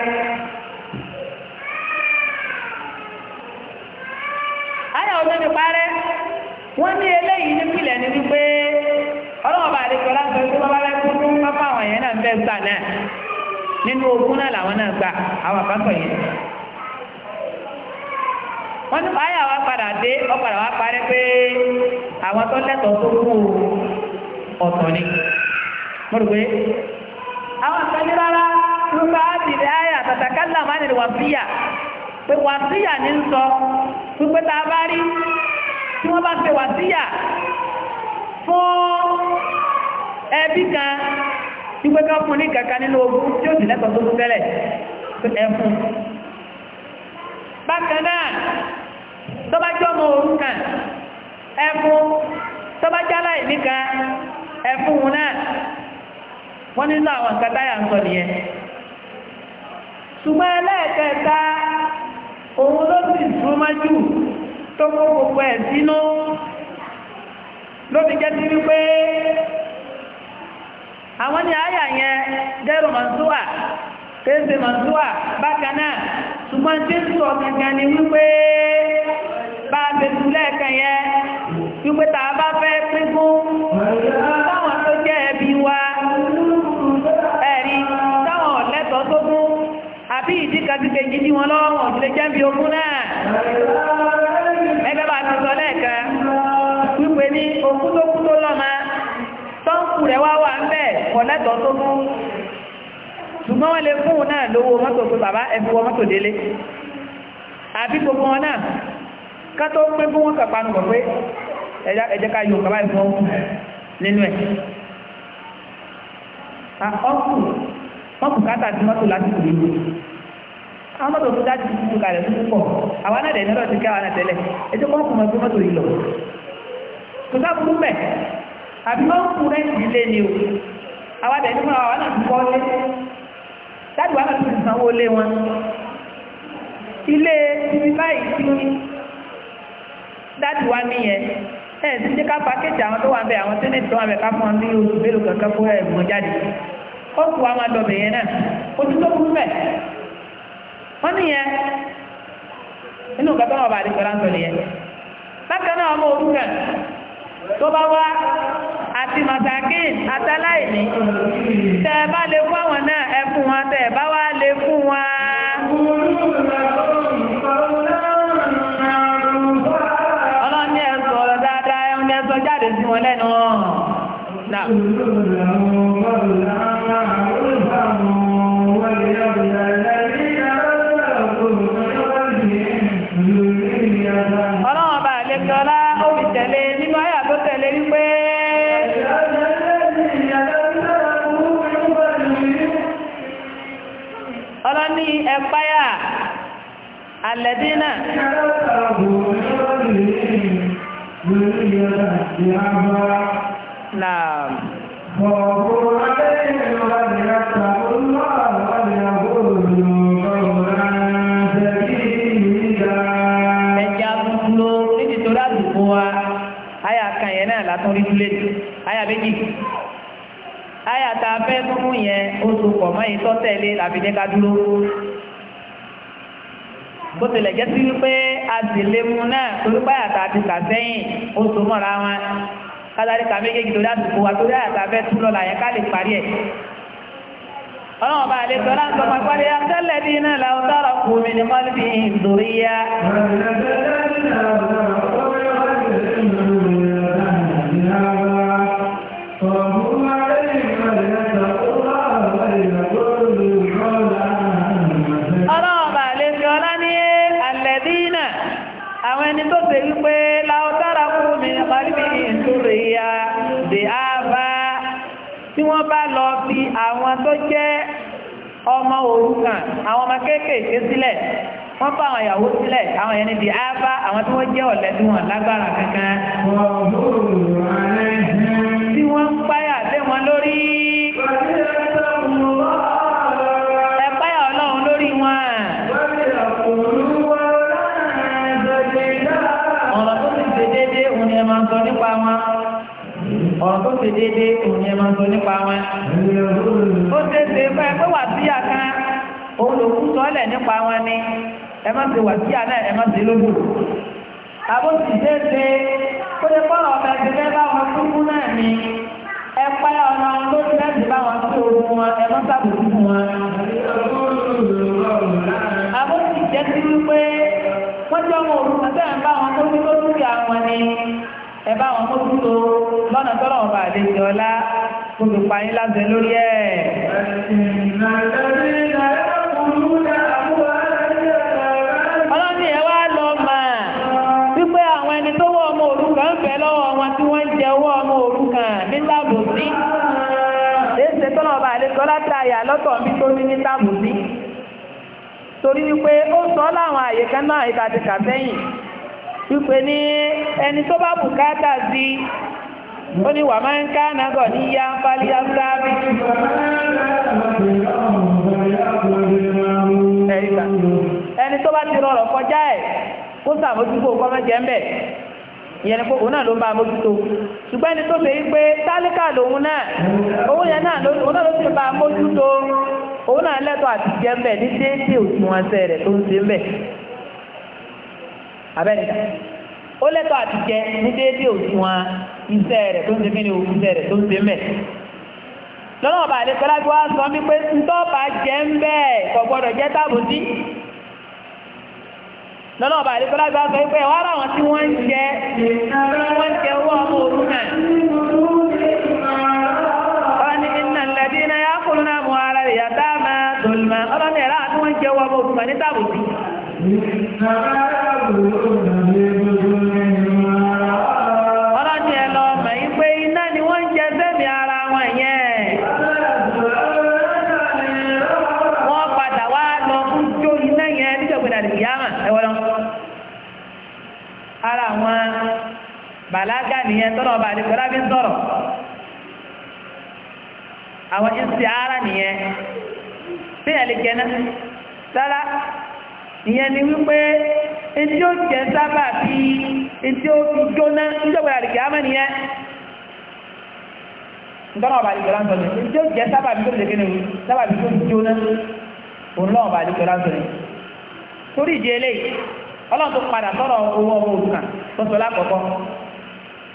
[SPEAKER 2] àyà ò wọ́n ní eléyìí nípìnlẹ̀ ní wípé ọlọ́wọ́ bá àdéjọ láti ọjọ́ bá bá kú fún pápá àwọn èèyàn náà ń bẹ́ gbà náà nínú ogun náà làwọn náà gbà àwọn àbátọ̀ yẹn wọ́n ní báyà wá padà dé ọ̀padà wá parẹ́ pé àwọn tó lẹ́tọ̀ọ́ tó kú ọ̀tọ̀ ni mo rò pé àwọn àtọ́jú rárá ló bá dìde àyà tàtàkálà má nìyẹn wà síyà pé wà síyà ní ń sọ pípẹ́ tá a bá rí tí wọ́n bá ṣe wà síyà fún ẹbí kan tí pé kan fún ní kankan nínú ogun tí ó sì lẹ́tọ̀ọ́ tó fún tẹ́lẹ̀ ẹ̀fún bákan náà tó bá jọ́ ọmọ òrukàn ẹ̀fún tó bá jálá ìníkan ẹ̀fún náà wọ́n nínú àwọn nǹkan táyà ń sọ nìyẹn ṣùgbọ́n ẹlẹ́ẹ̀kẹta òun ló sì súnmọ́ jù tó gbogbo ẹ̀ sínú ló fi àwọn ní àyà yẹn dẹ́rù mọ̀túwà kéèsè mọ̀túwà bákan náà ṣùgbọ́n sọ ni wípé bá a fẹ́ yẹn wípé bá fẹ́ pín fún táwọn tó jẹ́ ẹbí wa ẹ̀rí táwọn lẹ́tọ̀ọ́ ẹ̀kọ́ lẹ́tọ̀ọ́ tó mú ṣùgbọ́n wọ́n lè fún un náà lówó mọ́tò bàbá mọ́tò délé àbí gbogbo wọn náà tó pín fún wọn kàpánu pé ká yóò kàbá nínú ẹ̀ àwọn mọ́tò tó dájú tuntun tó púpọ̀ àwọn ti ẹjọ́ kọ́ mọ́tò yìí lọ tó o àwọn àbẹ̀ní fún àwọn náà kọ́ lé dáàbò náà ti sanwó lé wọn ilé ibi báyìí tí dáàbò wa nìyẹn ẹ̀ ti jẹ́ ká pàkéjì àwọn tó wà bẹ àwọn tẹ́lẹ̀ tó wà ń bẹ ká fún wọn oṣù kankan fún jáde ó wá máa dọ̀bẹ̀ yẹn náà tó bẹ̀ wọ́n inú bá tó bá wá àti màsàkín àtàláìní tẹ́ bá lè fún àwọn náà ẹ wọn tẹ́ bá wá lè fún wọn ọlọ́ni ẹ̀sọ̀ ọ̀rọ̀ dáadáa ẹ̀hún ẹ̀sọ̀ jáde sí wọn lẹ́nu náà alẹ́dínà
[SPEAKER 1] Naam. Bọ̀bọ̀ alẹ́ ìrọ̀lá ni a tàbí lọ́wọ́ ni a bóòrò
[SPEAKER 2] lọ́wọ́ látọ́rí dúlé àyà méjì àyà tá a fẹ́ fún yẹn ó so pọ̀ mọ́ ìtọ́tẹ̀lé làbídẹ́ká dúró bó tilẹ̀ jẹ́ sí wípé a sì lè mú náà torípé àyàtà ti kà sẹ́yìn ó so mọ́ra wọn kátàrí kà méjèèjì torí àsìkò wa torí àyàtà fẹ́ tú lọ́la yẹn ká lè parí ẹ̀. ọlọ́run bá lè sọ́lá ń sọ pé pálí akẹ́lẹ́ dín náà làwọn sọ̀rọ̀ kù mí ní mọ́lì àwọn tó jẹ́ ọmọ òrukàn àwọn ọmọ kéékèèké sílẹ̀ wọ́n fà àwọn ìyàwó sílẹ̀ àwọn ẹni di ábá àwọn tí jẹ́ ọ̀lẹ́dù lágbára kankan. tí wọ́n páyà lé wọn lórí. ọ̀rọ̀ tó ti ṣe òun ni máa ń sọ nípa wọn òkú sọ́ọ̀lẹ̀ nípa wọn ni ẹ má ṣe wà sí àná ẹ má ṣe lóbò àbó sì ṣe kó lè fọ́nà ọ̀gá ti fẹ́ bá wọn kúkú náà ni ẹ páyà ọ̀nà ló ti fẹ́ sì bá wọn sí ogun wọn ẹ má ṣàbòsí fún wọn. àbó sì jẹ́ sí wípé wọ́n jọ wọn òru àti ẹ̀ ń bá wọn tó ní lórí àwọn ni ẹ bá wọn kó tó lọ́nà tọ́lọ̀ ọba àlejò ọlá gbogbo pààyàn lábẹ́ lórí ẹ̀. sí èsè tọ́lọ̀ ọba àlejò láta àyà lọ́tọ̀ bí tó ní ní táàbù sí torí wípé ó sọ láwọn àyè kan náà ìtàdìkà sẹ́yìn wípé ní ẹni tó bá bùkátà sí ó ní wà máa ń ká nàgọ̀ ní yá pálí áfíráàbí ẹni tó bá ti rọrọ̀ kọjá ẹ̀ kó sàmójúgbò kọ́mẹ́jẹ́ ń bẹ̀ ìyẹn pé òun náà ló ń bá mójútó ṣùgbọ́n ẹni tó fẹ́ pé tálíkà lòun náà òun yẹn náà òun náà ló sì bá mójútó òun náà lẹ́tọ̀ọ́ àti jẹ́ ń bẹ̀ ní déédé òṣùwọ̀n ẹsẹ̀ rẹ̀ tó ń ṣe ń bẹ̀ abẹ́ni ó lẹ́tọ̀ọ́ àti jẹ́ ní déédé òṣùwọ̀n iṣẹ́ rẹ̀ tó ń ṣe kíni iṣẹ́ rẹ̀ tó ń ṣe bẹ̀ lọ́nà ọ̀bà àdékọ́lá bí wọ́n sọ wípé ntọ́ba jẹ́ ń bẹ́ẹ̀ kò jẹ́ táàbù lọ́nà ọba àdékọ́ lágbà sọ wípé wọ́n rà wọn tí wọ́n ń jẹ wọ́n ń jẹ owó ọmọ òru náà wọ́n ní iná lẹ́bí iná yá kúrú náà mú ara rẹ̀ yàtá máa dòlùmọ́ ọlọ́ni ẹ̀rá àti wọ́n ń jẹ owó ọmọ òru náà ní tàbùkù yẹn tọ́lọ̀ ọba àdìgbọ́lá fi sọ̀rọ̀ àwọn istiara nìyẹn tí ẹ̀ lè jẹ́nà sára ìyẹn ni wípé tí ó jẹ́ sábà bí tí ó fi jóná níjọba àdìgbà àmà nìyẹn tọ́lọ̀ ọba àdìgbọ́lá ń sọ̀rọ̀ tí ó jẹ́ sábà bí tó lè kéde wí sábà bí tó jóná òun náà ọba àdìgbọ́lá ń sọ̀rọ̀ torí ìdí eléyìí ọlọ́run tó padà sọ̀rọ̀ owó ọmọ òrukàn tó sọ lákọ̀ọ́kọ́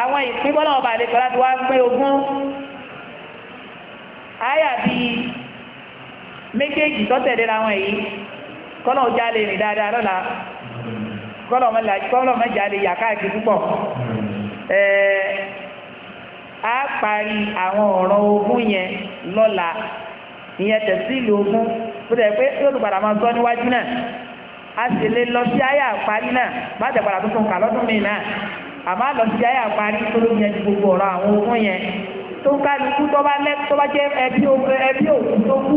[SPEAKER 2] àwọn ìpín ọba àlejò láti wá pé ogún àyà i méjèèjì tọ́tẹ̀lé làwọn èyí kọ́nà ọjà lè rìn dáadáa lọ́la kọ́nà ọmọjà lè yà káàkiri púpọ̀ a parí àwọn ọ̀rọ̀ ogún yẹn lọ́la ìyẹn tẹ̀sí ìlú ogún pé olùpadà máa sọ níwájú náà a sì lè lọ sí àmọ́ àlọ́ ti ayé àparí tó ló yẹn ju gbogbo ọ̀rọ̀ àwọn ogún yẹn tó ń kálukú tó bá lẹ́ tó bá jẹ́ ẹbí òkú tó kú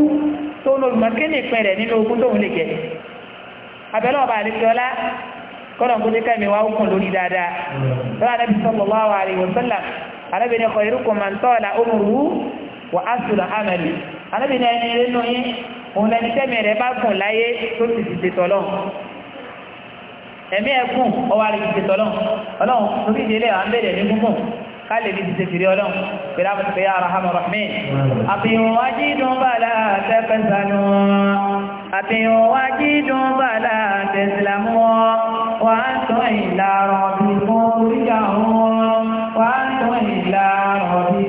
[SPEAKER 2] tó ń lòlùmọ́ kí ni ìpẹ́ rẹ̀ nínú ogún tóun lè jẹ́ abẹ́lẹ́ ọba àdéjọ́lá kọ́nà kó dékà mi wá ó kàn lórí dáadáa
[SPEAKER 3] hmm.
[SPEAKER 2] lọ́wọ́ anábì sallallahu alaihi wasallam anábì ní khairukum man tala umruhu wa asula amali anábì ní ẹni nínú yín òun lẹni tẹ́mi rẹ̀ bá gùn láyé tó ti ti tẹ̀tọ̀ lọ́wọ́ ẹ̀mí ẹ̀kùn ọwá rẹ̀ ìṣẹ́ tọ́lọ́n ọlọ́run torí ìdílé à ń bèèrè ní gúngùn kálẹ̀ bí ìṣẹ́ fìrí ọlọ́run pẹ̀lú àpẹẹyà arahamu rahman àfihàn wájí dùn bàlá tẹ́fẹ́sánú àfihàn wájí dùn bàlá tẹ́sìlámù
[SPEAKER 1] wà